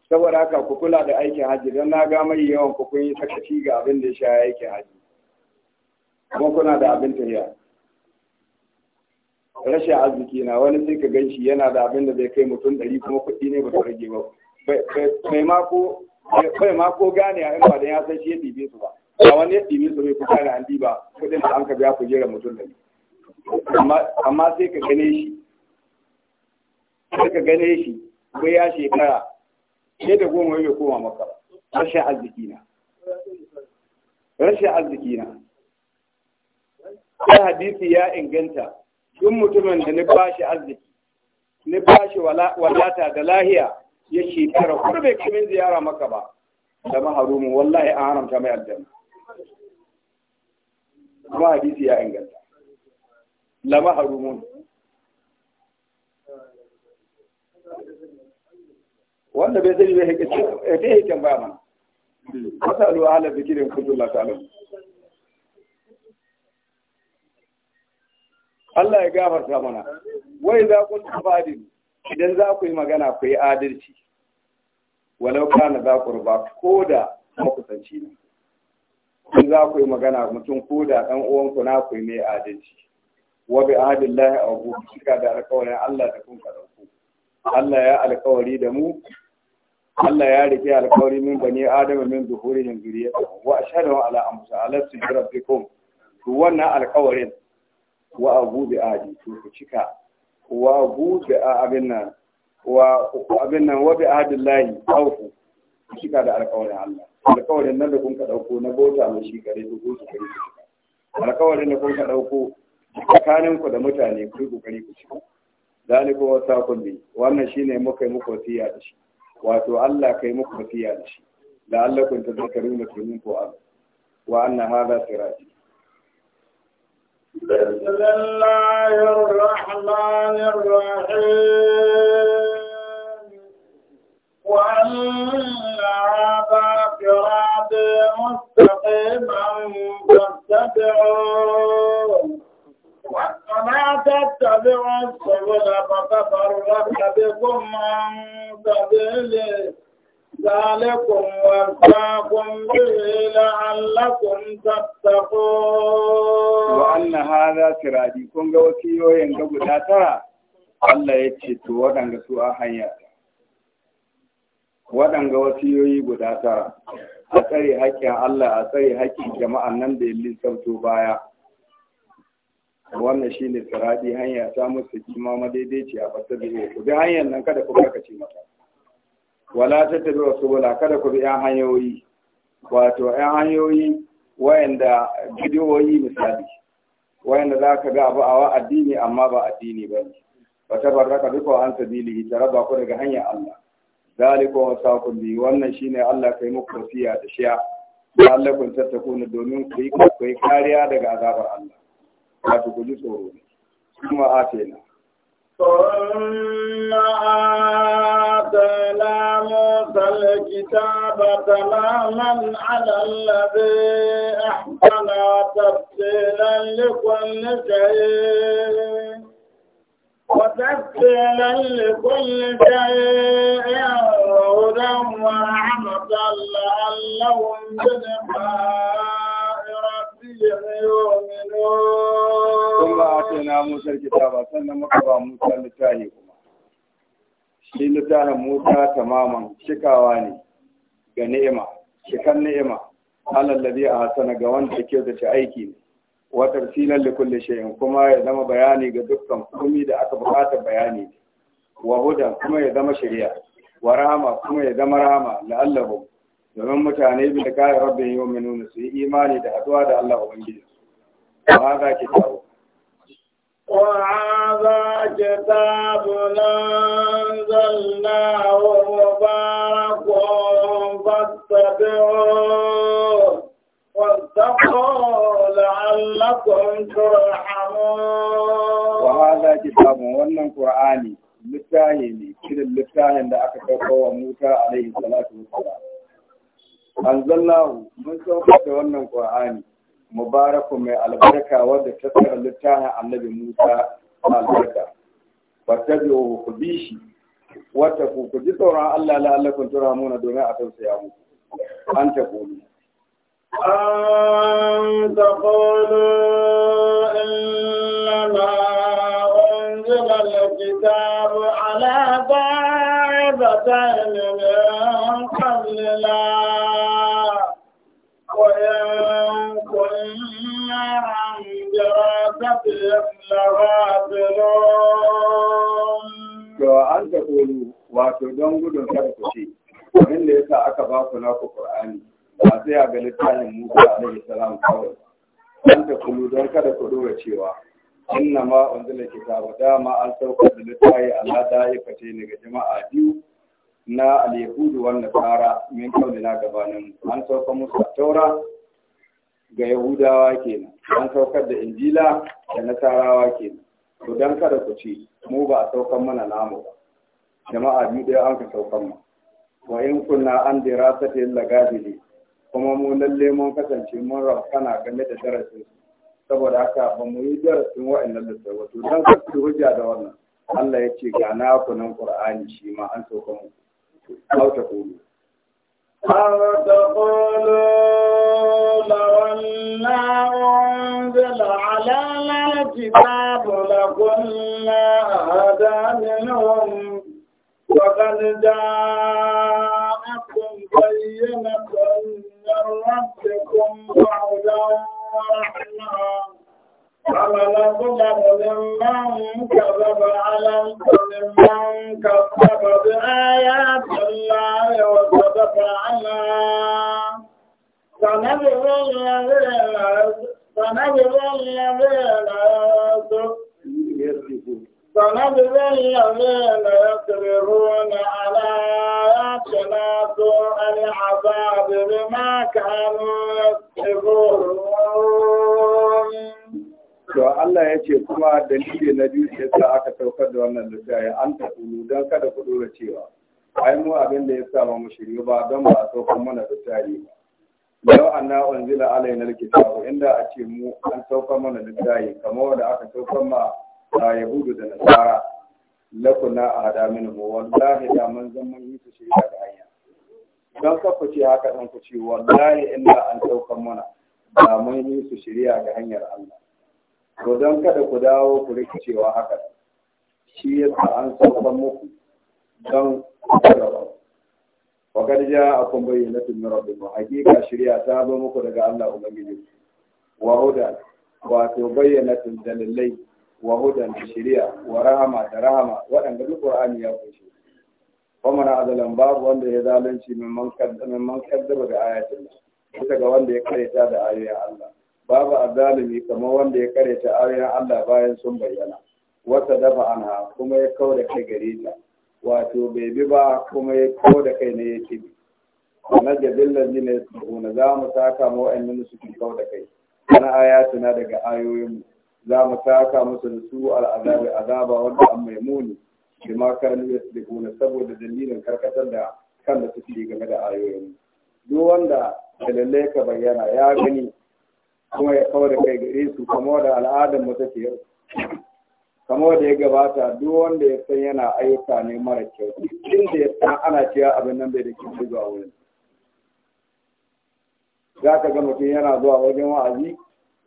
saboda haka ku kula da aikin haji don na ga mai yawan ku kun yi sakaci ga abin da ya sha aikin hajji kuma kuna da abin tafiya rashin arziki na wani sai ka ganshi yana da abin da zai kai mutum ɗari kuma kuɗi ne ba ta rage ba bai ma ko gane a ba da ya san shi ya ɗibe su ba a wani ya ɗibe su bai kuka da an ba kuɗin da an ka biya ku jera mutum ɗari amma sai ka gane shi sai ka gane shi bai ya shekara sai da goma bai koma maka rashin arziki na rashin arziki na hadisi ya inganta duk mutumin da ni bashi arziki ni bashi wadata da lahiya ya shekara kuma bai kimin ziyara maka ba da maharumin wallahi an haramta mai aljanna kuma hadisi ya inganta la maharumin wanda bai sani bai ya fi yi ba. mana wasu alwa halar zikirin kudu la ta'alamu Allah ya gafarta mana wai za ku tafadin idan za ku yi magana ku yi adalci walau kana za ku ruba ko da makusanci ne kun za ku yi magana mutum ko da ɗan uwanku na ku yi mai adalci wa bi ahadillahi a abu shika da alƙawarin Allah da kun karatu Allah ya alƙawari da mu Allah ya rike alƙawari min bani adama min zuhurihim zuriyatuhum wa ashhadu ala anfusihim alastu bi rabbikum to wannan alƙawarin wa abu bi adi to ku cika wa abu bi abin nan wa abin nan wa bi ahadillahi awfu ku cika da alƙawarin Allah alƙawarin nan da kun ka dauko na bota mai shi gare ku ku cika alƙawarin da kun ka dauko tsakanin ku da mutane ku yi kokari ku cika zalika wa saqul bi wannan shine muka yi muku wasiya da shi wato Allah kai muku wasiya da shi la'allakum tadhakkaruna domin ku wa anna hadha sirati بسم الله الرحمن الرحيم وأن هذا صراطي مستقيما فاتبعوه ولا تتبعوا السبل فتفرق بكم عن سبيله ذلكم وصاكم به لعلكم تتقون وأن هذا سرادي كون ga wasiyoyin ga guda tara Allah ya ce to waɗanga su a hanya waɗanga wasiyoyi guda tara a tsare haƙƙin Allah a tsare haƙƙin jama'a nan da yallin sauto baya wannan shi ne siradi hanya ta musu kima madaidaici a fasar da ku bi hanyar nan kada ku karkace mata wala wasu wula, kada ku bi yan hanyoyi wato yan hanyoyi wayanda bidiyoyi misali wayanda za ka ga abu a addini amma ba addini ba ne ba ta barraka duka an sabili ta raba ku daga hanyar Allah zalika wa saqul bi wannan shine Allah kai muku wasiya da shiya ya Allah kun tattakuna domin ku yi kai kariya daga azabar Allah wato ku ji tsoro kuma atena وآتينا موسى الكتاب تماما على الذي أحسن وتفصيلا لكل شيء وتفصيلا لكل شيء هدى ورحمة لعلهم بلقاء ربهم يؤمنون ثم آتينا موسى الكتاب ثم نقرأ موسى الكتاب shi littafin Musa tamaman cikawa ne ga ni'ima cikan ni'ima alal a ahsana ga wanda yake da ta aiki ne wa tafsilan li shay'in kuma ya zama bayani ga dukkan komai da aka bukata bayani wa hudan kuma ya zama shirya. wa rahama kuma ya zama rahama la'allahu domin mutane bi da kai rabbin yu'minuna su yi imani da haduwa da Allah ubangiji wa hada ki وهذا كتابنا الله مبارك فاتبعوه واتقوا لعلكم ترحمون وهذا كتاب ونن قرآني littahi ne shirin littafin da aka ɗauko wa Musa alaihi salatu wassalam. Anzallahu mun saukar da wannan Kur'ani mubaraku mai albarka wadda ta littafin littahin Annabi Musa albarka. ku bi wata ku ku ji tsoron Allah la'allakun turamuna domin a tausaya muku an ta kulu أن تقولوا إنما أنزل الكتاب على طائفتين من قبلنا وإن كنا عن دراستهم لغافلون cewa an ta kolu wato don gudun kada ku ce abin da yasa aka ba ku ku qur'ani ba sai a ga littafin Musa alaihi salam kawai an ta kulu don kada ku dora cewa inna ma unzila kitabu, dama an sauka da littafi Allah da ya kace ni ga jama'a biyu na al-yahudu wan nasara min na gabanin an sauka musu taura ga yahudawa kenan an saukar da injila da nasarawa kenan to dan kada ku ce mu ba a saukan mana namu ba jama'a biyu ɗaya an ka saukan mu wa in kunna an dira ta ta yalla gabili kuma mu lalle mun kasance mun rafkana game da darasin saboda haka ba mu yi darasin wa'annan littafi wato dan kasu hujja da wannan Allah ya ce ga na kunan Qur'ani shi ma an saukan mu أو تقولوا أو تقولوا لو wannan. الكتاب لكنا أهدى منهم وقد جاءكم بينة من ربكم وهدى ورحمة فمنظلم ممن كذب على ممن كذب بآيات الله وكذب على فنذر الذين فنجزي الذين يصدقون فنجزي الذين يصبرون على آياتنا سوء العذاب بما كانوا يصدقون To Allah ya ce kuma dalili na biyu ya sa aka saukar da wannan littafi an ta tsulu don kada ku dora cewa ai mu abin da ya sa ba mu shirye ba don ba a saukar mana littafi ba. yau an na wanzila alainar kitabu inda a ce mu an saukar mana littafi kamar wanda aka saukar ma a yahudu da nasara lakuna a hada mini mu wallahi da mun zan mun yi su shaida da hanya don kafa ce haka dan ku ce wallahi inda an saukar mana da mun yi su shirya ga hanyar Allah to don kada ku dawo ku rikicewa haka shi yasa an saukar muku don ku wa kad ja'akum bayyinatun min rabbikum hakika shari'a ta zo muku daga Allah ubangiji wa huda bayyana tun dalilai wa hudan da shari'a wa rahama da rahama waɗanda duk wa'ani ya kunshi wa man azalan babu wanda ya zalunci min man kaddama man kaddama da ayatin bisa ga wanda ya kareta da ayoyin Allah babu azalimi kamar wanda ya kareta ayoyin Allah bayan sun bayyana wata dafa anha kuma ya kaura kai gare ta wato bai bi ba kuma ya ko da kai ne yake bi na jabin lalzina ya tsibuna za mu saka ma nuna su ke kau da kai wani tuna daga ayoyinmu za mu saka musu da su al'azabi azaba wanda an mai muni shi ma kanu ya tsibuna saboda dalilin karkatar da kan da ke game da ayoyinmu duk wanda da lalle ka bayyana ya gani kuma ya kau da kai gare su kamo da al'adar mu take yau kamar da ya gabata duk wanda ya san yana ayyuka ne mara kyau inda ya san ana cewa abin nan bai da kyau zuwa wurin za ka ga mutum yana zuwa wajen wa'azi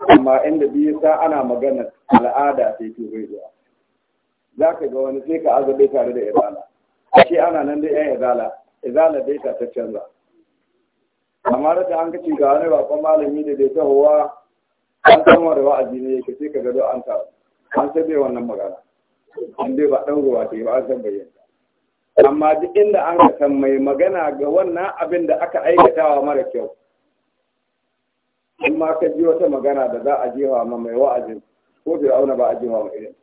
amma inda biyu sa ana magana al'ada sai ke zai zuwa za ka ga wani sai ka azabe tare da izala shi ana nan da yan izala izala dai ta canza amma da an kace ga wani bakon malami da bai tahowa an san wani wa'azi ne yake sai ka ga an tawo an san bai wannan magana an dai ba ɗan ruwa ce ba an san bayyana amma duk inda an ka san mai magana ga wannan abin da aka aikatawa mara kyau in ma ka ji wata magana da za a jewa ma mai wa'azin ko bai auna ba a jewa ma irin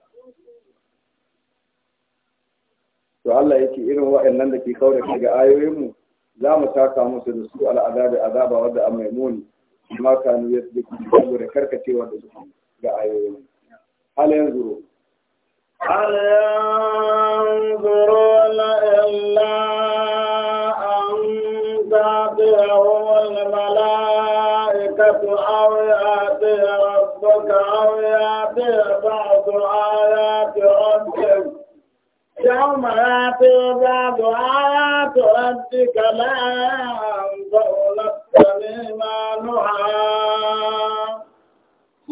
to Allah yake irin wa'annan da ke kaura ke ga ayoyinmu za mu taka musu da su al'adabi azaba wadda a maimuni amma kanu ya su da karkacewa da su ga ayoyinmu هل ينظرون هل ينظرون إلا أن تأتيهم الملائكة أو يأتي ربك أو يأتي بعض آيات ربك يوم يأتي بعض آيات ربك لا ينظر لك إيمانها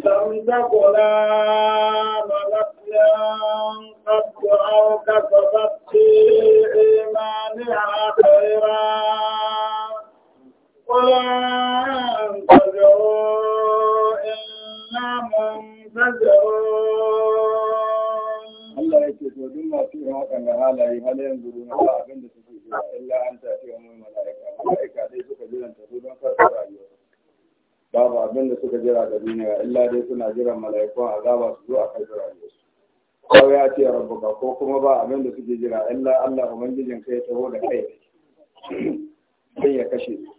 لم تقلا ملت قد أو كسبت في إيمانها خيرا ولن تجروا إلا منفجرون الله يكتب ودون ما فيه هذا النهار هل ينظرون الله أبن إلا أن تأتيهم الملائكة الملائكة ليسوا كبيرا تقولون كرسوا babu abin da suka jira da duniya illa dai suna jiran mala'ikun azaba su zo a kai jirage su ko ya ce rabbuka ko kuma ba abin da suke jira illa Allah ubangijin kai taho da kai sai ya kashe su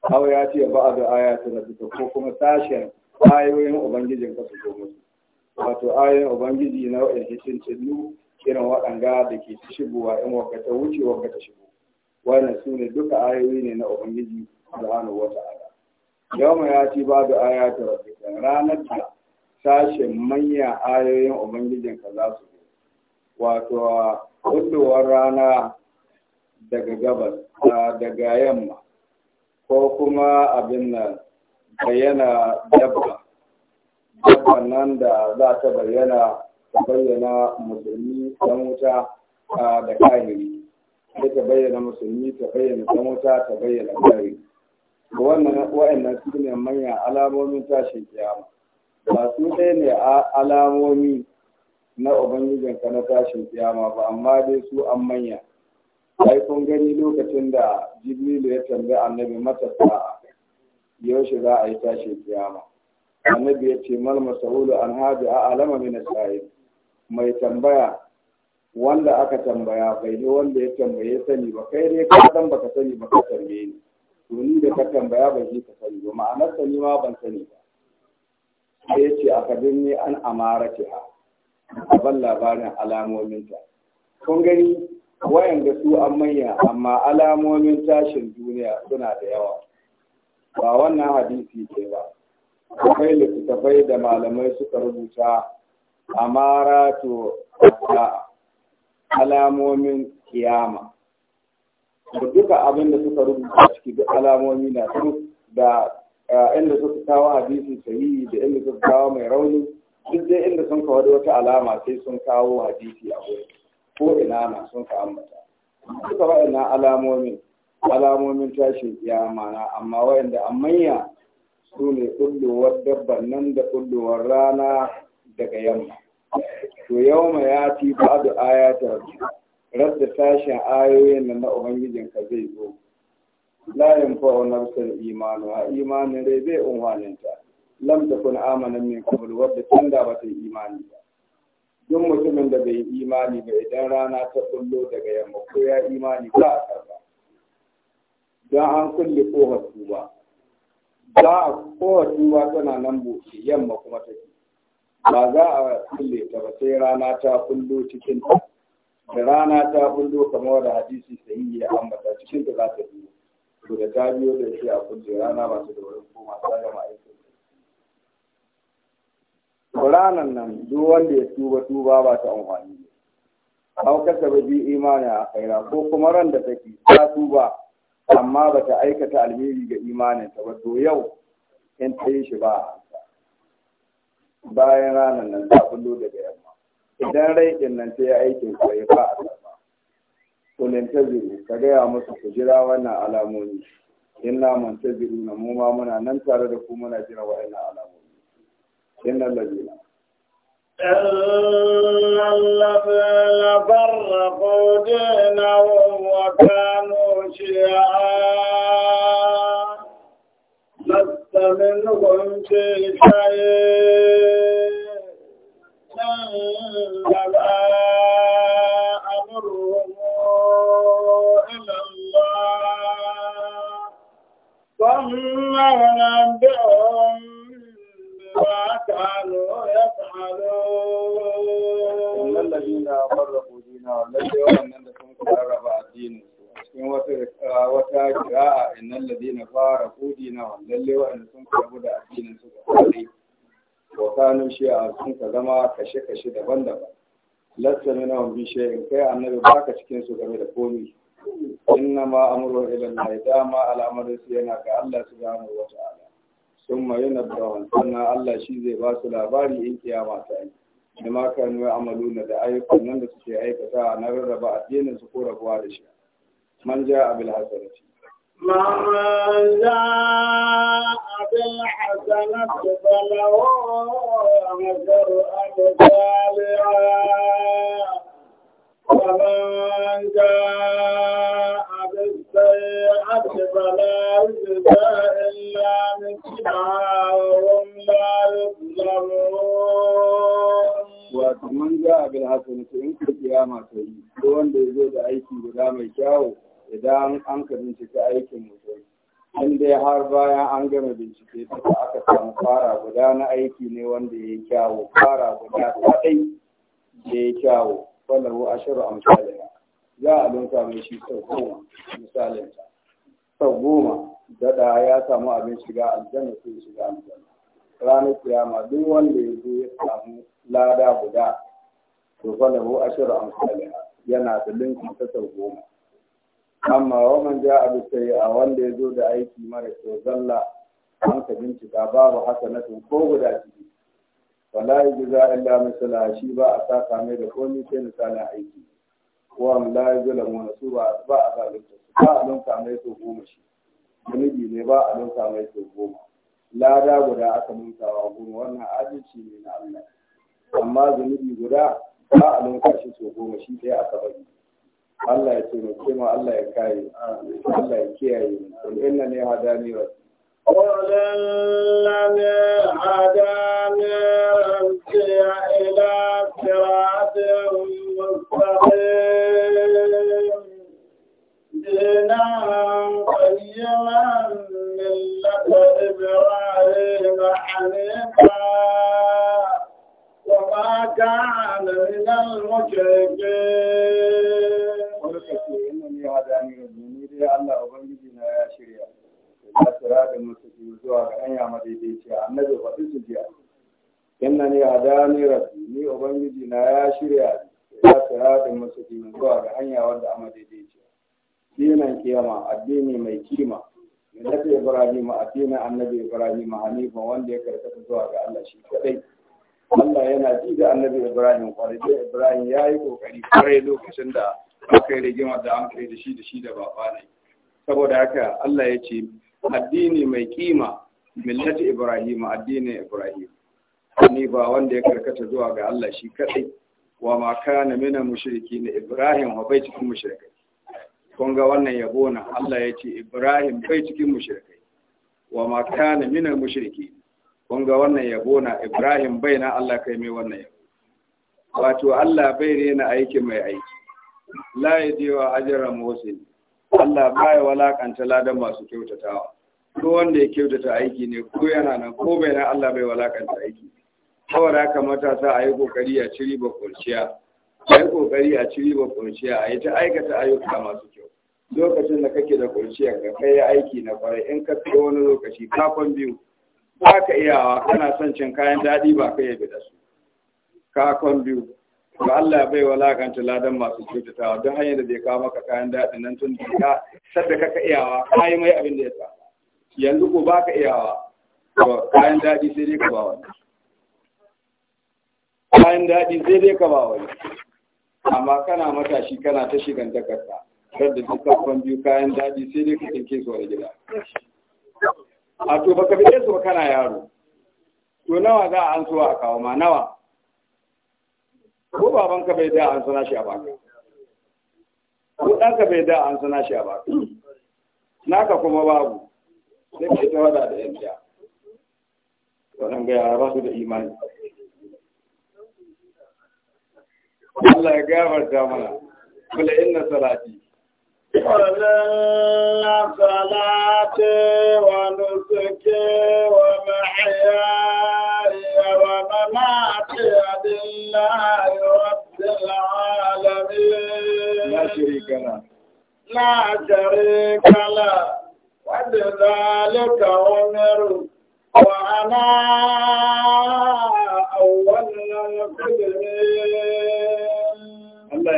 ko ya ce ba da ayatu rabbika ko kuma sashen ayoyin ubangijin ka su zo musu wato ayoyin ubangiji nau'in hisin cinnu irin waɗanga da ke shigowa in wakata wuce wakata shigo wannan su ne duka ayoyi ne na ubangiji hannu wata ta'ala yawma ya ci ba da aya ta rabbika ranar da sashen manya ayoyin ubangijin ka za su wato kullowar rana daga gabas daga yamma ko kuma abin nan bayyana dabba dabba nan da za ta bayyana bayyana musulmi dan wuta da kahiri ta bayyana musulmi ta bayyana dan wuta ta bayyana kahiri wa'annan su ne manyan alamomin tashin kiyama ba su ɗaya ne alamomi na ka na tashin kiyama ba amma dai su an manya ai kun gani lokacin da jibrilu ya tambayi annabi matasa yaushe za a yi tashin kiyama annabi ya ce mal masaulu an haji a alama min sa'id mai tambaya wanda aka tambaya bai ne wanda ya tambaye sani ba kai ne ka san baka sani ba ka tambaye ni tuni da ka tambaya ba yi ka sani ba ma'anar sani ma ban sani ba sai ce a kabin ne an amara ce ha a ban labarin alamominta kun gani wayan da su an manya amma alamomin tashin duniya suna da yawa ba wannan hadisi ce ba akwai littattafai da malamai suka rubuta amara to alamomin kiyama da duka abin da suka rubuta ciki duk alamomi na su da inda suka kawo hadisi sahihi da inda suka kawo mai rauni duk dai inda sun kawo wata alama sai sun kawo hadisi a wurin ko ina na sun ka ambata duka ina alamomi alamomin tashin ya mana amma wa'inda an manya su ne kullowar dabban nan da kullowar rana daga yamma to yau ma ya ci ba da ayatar radda tashin ayoyin nan na ubangijinka zai zo layin fa'o nafsar imanu a imanin rai bai unwaninta lam da kun amanan min kabul wadda can da yi imani ba duk mutumin da bai yi imani ba idan rana ta kullo daga yamma ko ya imani ba a karba don an kulle kohar tuba za a kohar tuba tana nan buɗe yamma kuma take ba za a kulle ta ba sai rana ta kullo cikin ta da rana ta bullo kamar da hadisi yi ya ambata cikin da za ta biyo to da ta biyo da shi a kunje rana ba su da wurin koma ta gama aikin Ranan nan duk wanda ya tuba tuba ba ta amfani ne kasa ba bi imani a kaina ko kuma ran da take ta tuba amma ba ta aikata alheri ga imanin ta ba to yau in ta yi shi ba a bayan ranar nan ta bullo daga idan rai din nan ta yi aikin kwaye ba a karba kulin ta ka gaya musu ku jira wannan alamomi in man ta na mu muna nan tare da ku muna jira wa'annan alamomi inna lalina إن الذين فرقوا دينهم وكانوا شيعا لست منهم في شيء Lallewa wannan da sun kuma raba addinin su, cikin wata a inan lalle na fara kudi na wannan lallewa wannan sun kuma raba addinin su ga kwanai. wa shi a sun ka zama kashe-kashe daban-daban lasta mina wa bi in kai annabi baka cikin su game da komi inna ma amru na ita dama al'amarin su yana ga Allah su subhanahu wa ta'ala na yunabbahu sannan Allah shi zai ba su labari in kiyama ta yi da ma amalu na da ayyukan nan da suke aikata a na rarraba addinin su ko rabuwa da shi man ja'a bil man بالحسنة فله عشر أمثالها ومن جاء بالسيئة فلا يجزى إلا مثلها وهم لا in ka kiyama ta yi ko wanda ya zo da aiki guda mai kyawu idan an ka bincika aikin mutum in dai har bayan an gama bincike duka aka samu fara guda na aiki ne wanda ya yi kyawo fara guda kaɗai da ya yi kyawo wallahu ashiru amsalin za a lunta mai shi sau goma misalin sau goma daɗa ya samu abin shiga aljanna sai shiga aljanna ranar kiyama duk wanda ya zo ya samu lada guda to wallahu ashiru amsalin yana da linkin ta sau goma amma waman ja abu sai a wanda ya zo da aiki mara kyau zalla an ka bincika babu hasanatun ko guda ciki wala yajza illa misala shi ba a saka mai da komai sai misalin aiki ko am la yuzlamu su ba ba a zalunta su ba a lunka mai so goma shi zunubi ne ba a lunka mai so goma lada guda aka wa goma wannan adalci ne na Allah amma zunubi guda ba a lunka shi so goma shi sai aka bari Allah ya taimake mu Allah ya kare Allah ya kiyaye mu inna ne hadani wa Allah ne hadani ya ila siratin mustaqim dina qayyiman millata ibrahim hanifa وما كان من المشركين ka ce inna ne hada ni rabbi ni dai Allah ubangiji na ya shirya da tsira da musu zuwa ga hanya madaidaiciya annabi ba su jiya inna ne hada ni rabbi ni ubangiji na ya shirya da tsira da musu zuwa ga hanya wadda a madaidaiciya dinan kiyama addini mai kima millati ibrahim addinin annabi ibrahim hanifa wanda ya karkata zuwa ga Allah shi kadai Allah yana ji da annabi Ibrahim kwarai Ibrahim ya yi kokari kwarai lokacin da akwai rigima da an kai da shi da shi da baba ne saboda haka Allah ya ce addini mai kima millati ibrahim addini ibrahim ni ba wanda ya karkata zuwa ga Allah shi kadai wa ma kana mina mushriki ne ibrahim wa bai cikin mushrikai kun ga wannan yabo na Allah ya ce ibrahim bai cikin mushrikai wa ma kana mina mushriki kun ga wannan yabo na ibrahim bai na Allah kai mai wannan yabo wato Allah bai rena aiki mai aiki la yajiwa ajra motsi. Allah baya walakanta ladan masu kyautatawa ko wanda ya kyautata aiki ne ko yana nan ko bai nan Allah bai walakanta aiki saboda haka matasa a yi kokari a ciri ba kurciya a yi kokari a ciri ba kurciya a yi ta aikata ayyuka masu kyau lokacin da kake da kurciya ka kai aiki na kwarai in ka tsaye wani lokaci kafan biyu ba ka iyawa kana son cin kayan daɗi ba ka yabe da su kakon biyu ba Allah ya bai walakanta ladan masu kyautatawa don hanyar da bai kawo maka kayan daɗin nan tun da ka sadda ka iyawa yi mai abin da ya sa yanzu ko ba ka iyawa ba? kayan daɗi sai dai ka ba wani kayan daɗi sai dai ka ba wani amma kana matashi kana ta shigan takarda kar da dukkan biyu kayan daɗi sai dai ka tsinke su wani gida a to baka bi su ba kana yaro to nawa za a an so a kawo ma nawa ko babanka bai da an sana shi a baka ko ɗanka bai da an sana shi a baka naka kuma babu sai ka ita wada da yankiya waɗanda yara ba su da imani Allah ya gafarta mana kula inna salati قلنا صلاتي ونسكي ومحياي والسماوات لله رب العالمين لا شريك Allah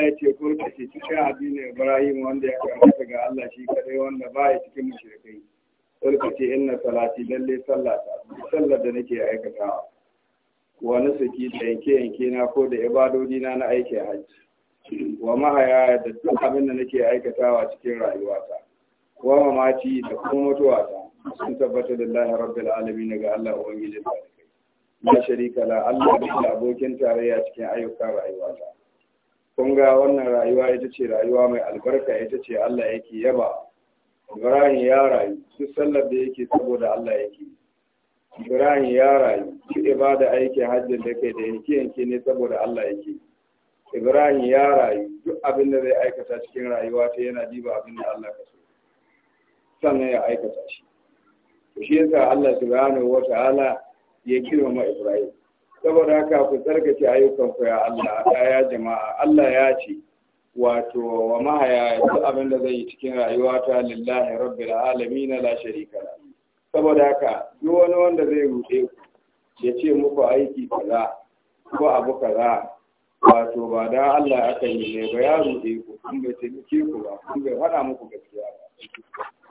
ya ce cikin addinin Ibrahim wanda ya karanta ga Allah shi kadai wanda ba cikin mushrikai. Ko ta ce inna lalle sallar da nake aikatawa wa saki da yanke-yanke na ko da ibadodi na na aikin hajji wa mahaya da duk abin da nake aikatawa cikin rayuwata wa mamaci da kuma mutuwata sun tabbata da lahi rabbil alamin ga Allah ubangiji da kai sharika la Allah da abokin tarayya cikin ayyukan rayuwata kun ga wannan rayuwa ita ce rayuwa mai albarka ita ce Allah yake yaba Ibrahim ya rayu duk sallar da yake saboda Allah yake yi Ibrahim ya rayu ki ibada aikin hajjin da kai da yanke yanke ne saboda Allah yake Ibrahim ya rayu duk abin da zai aikata cikin rayuwa ta yana diba abin da Allah ka so sannan ya aikata shi to shi yasa Allah subhanahu ta'ala ya kirmama Ibrahim saboda haka ku tsarkake ayyukan ku ya Allah a ya jama'a Allah ya ce wato wa mahaya duk abin da zai yi cikin rayuwa ta lillahi rabbil alamin la sharika lahu saboda haka duk wani wanda zai ruɗe ku ya ce muku aiki kaza ko abu kaza wato ba da Allah aka yi ne ba ya ruɗe ku kun bai taimake ku ba kun bai faɗa muku gaskiya ba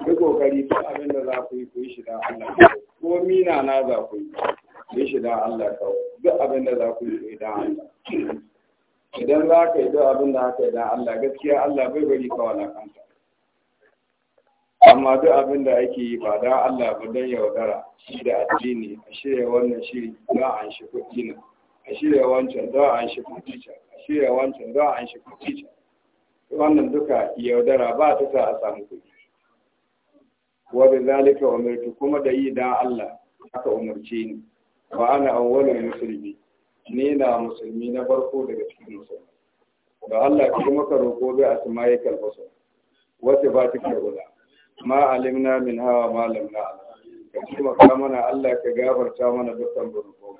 duk kokari ta abin da za ku yi ku yi shi da Allah ko mina na za ku yi ku yi shi da Allah kawai duk abin da za ku yi ku yi da Allah idan za ka yi duk abin da aka yi da Allah gaskiya Allah bai bari ka kanta. amma duk abin da ake yi ba don Allah ba don yaudara shi da addini a shirya wannan shiri za a shi kuɗi na a shirya wancan za a shi kuɗi can a shirya wancan za a shi kuɗi can wannan duka yaudara ba ta sa a samu kuɗi wa bi zalika umirtu kuma da yi da Allah aka umarce ni wa ana awwalul muslimi ni na musulmi na farko daga cikin musulmi da Allah kuma ka roko bi asma'ikal husna wa sifatikal ula ma alimna min hawa ma lam ka taimaka mana Allah ka gafarta mana dukkan burbu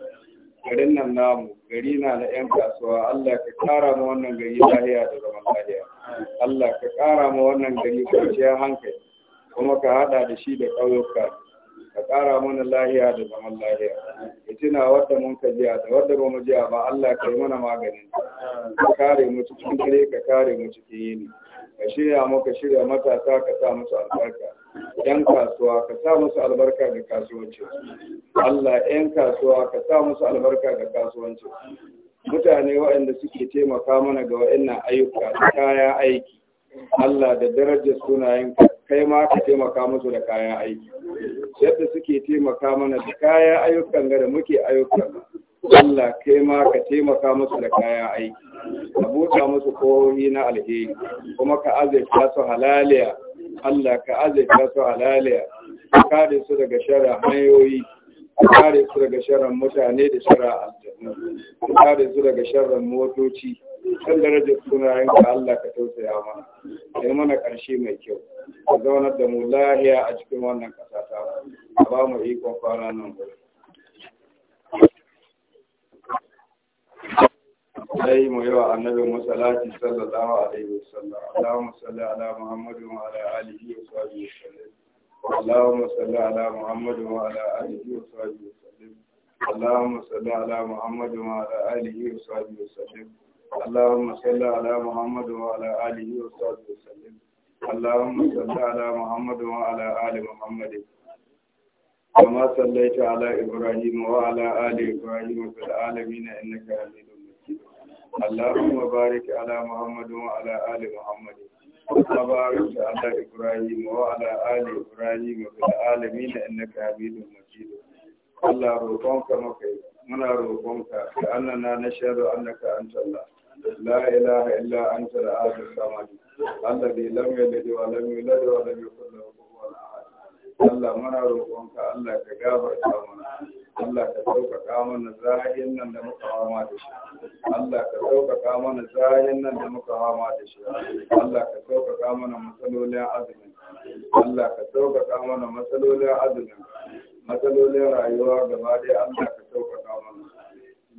garin nan namu gari na na yan kasuwa Allah ka kara mu wannan gari lahiya da zaman lahiya Allah ka kara mu wannan gari kwanciyar hankali kuma ka hada da shi da ƙauyuka ka ƙara mana lahiya da zaman lahiya itina wadda mun ka jiya da wadda ba mu jiya ba Allah ka yi mana maganin ka kare mu cikin dare ka kare mu cikin yini ka shirya maka shirya matasa ka sa musu albarka yan kasuwa ka sa musu albarka ga kasuwancin Allah yan kasuwa ka sa musu albarka ga kasuwancin mutane waɗanda suke taimaka mana ga waɗannan ayyuka da kayan aiki Allah da darajar sunayen kai ma ka taimaka musu da kayan aiki yadda suke taimaka mana da kayan ayyukan ga da muke ayyukan Allah kai ma ka taimaka musu da kayan aiki ka buta musu kohohi na alheri kuma ka azurta su halaliya Allah ka azurta su halaliya ka kare su daga shara hanyoyi ka kare su daga sharar mutane da shara aljanu ka kare su daga sharar motoci kan darajar sunayen ka Allah ka tausaya mana kai mana ƙarshe mai kyau ka zaunar da mu lahiya a cikin wannan ƙasa ta ba mu ikon kwana nan gobe sai mu yawa wa annabi masalati sallallahu alaihi wasallam Allahumma salli ala Muhammadu wa ala alihi wa sahbihi wasallam Allahumma salli ala Muhammadu wa ala alihi wa sahbihi wasallam Allahumma salli ala Muhammadu wa ala alihi wa sahbihi wasallam Allahumma salli ala Muhammadu wa ala alihi wa sahbihi Allahumma ala wa ala ali صليت على إبراهيم وعلى آل إبراهيم في العالمين إنك حميد اللهم بارك على محمد وعلى آل محمد وبارك على إبراهيم وعلى آل إبراهيم في العالمين إنك حميد مجيد الله روحك مكي منا روحك كأننا نشهد أنك أنت الله لا إله إلا أنت الآب الصمد الذي لم يلد ولم يولد ولم يكن له كفوا أحد الله منا روحك الله كجابر صمد Allah ka sauƙaƙa mana zahirin nan da muka hama da shi Allah ka sauƙaƙa mana zahirin nan da muka hama da shi Allah ka sauƙaƙa mana matsalolin azumin Allah ka sauƙaƙa mana matsalolin azumin matsalolin rayuwa gaba ɗaya Allah ka sauƙaƙa mana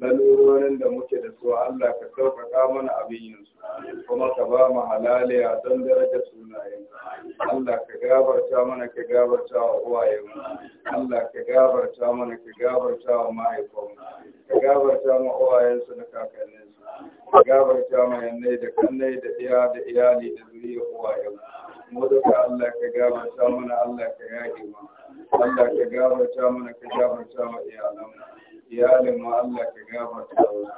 lalurorin da muke da su Allah ka sauƙaƙa mana abin yanzu. kuma ka ba mu halaliya don daraja sunayen Allah ka gabarta mana ka gabarta wa uwayen Allah ka gabarta mana ka gabarta wa mahaifan ka gabarta ma uwayen su da kakannin su ka gabarta ma yanne da kannai da iya da iyali da zuriya uwayen mu duka Allah ka gabarta mana Allah ka yaƙi mu Allah ka gabarta mana ka gabarta ma iyalan mu iyalin ma Allah ka gafarta musu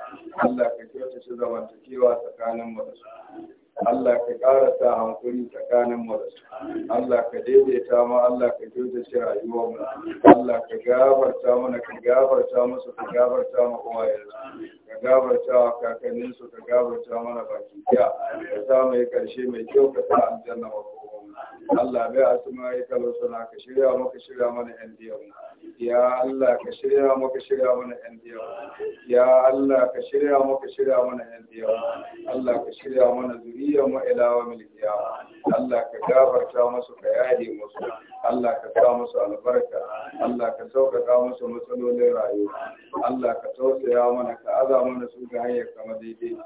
Allah ka kyauta shi zamantakewa tsakanin mu da su Allah ka ƙara sa hankuri tsakanin mu da su Allah ka daidaita ma Allah ka kyauta shi rayuwar mu Allah ka gafarta mana ka gafarta musu ka gafarta mu uwayen ka gafarta wa kakannin su ka gafarta mana baki ɗaya ka sa mai karshe mai kyau ka sa aljanna wa kowa Allah bai asuma ya kalo suna ka shirya maka shirya mana yan diyar ya Allah ka shirya maka shirya mana yan diyar ya Allah ka shirya maka shirya mana yan diyar Allah ka shirya mana zuriyar mu ila wa milkiya Allah ka gafarta musu ka yade musu Allah ka sa musu albarka Allah ka sauƙaƙa musu matsalolin rayuwa Allah ka tausaya mana ka aza mana su ga hanyar kamar daidai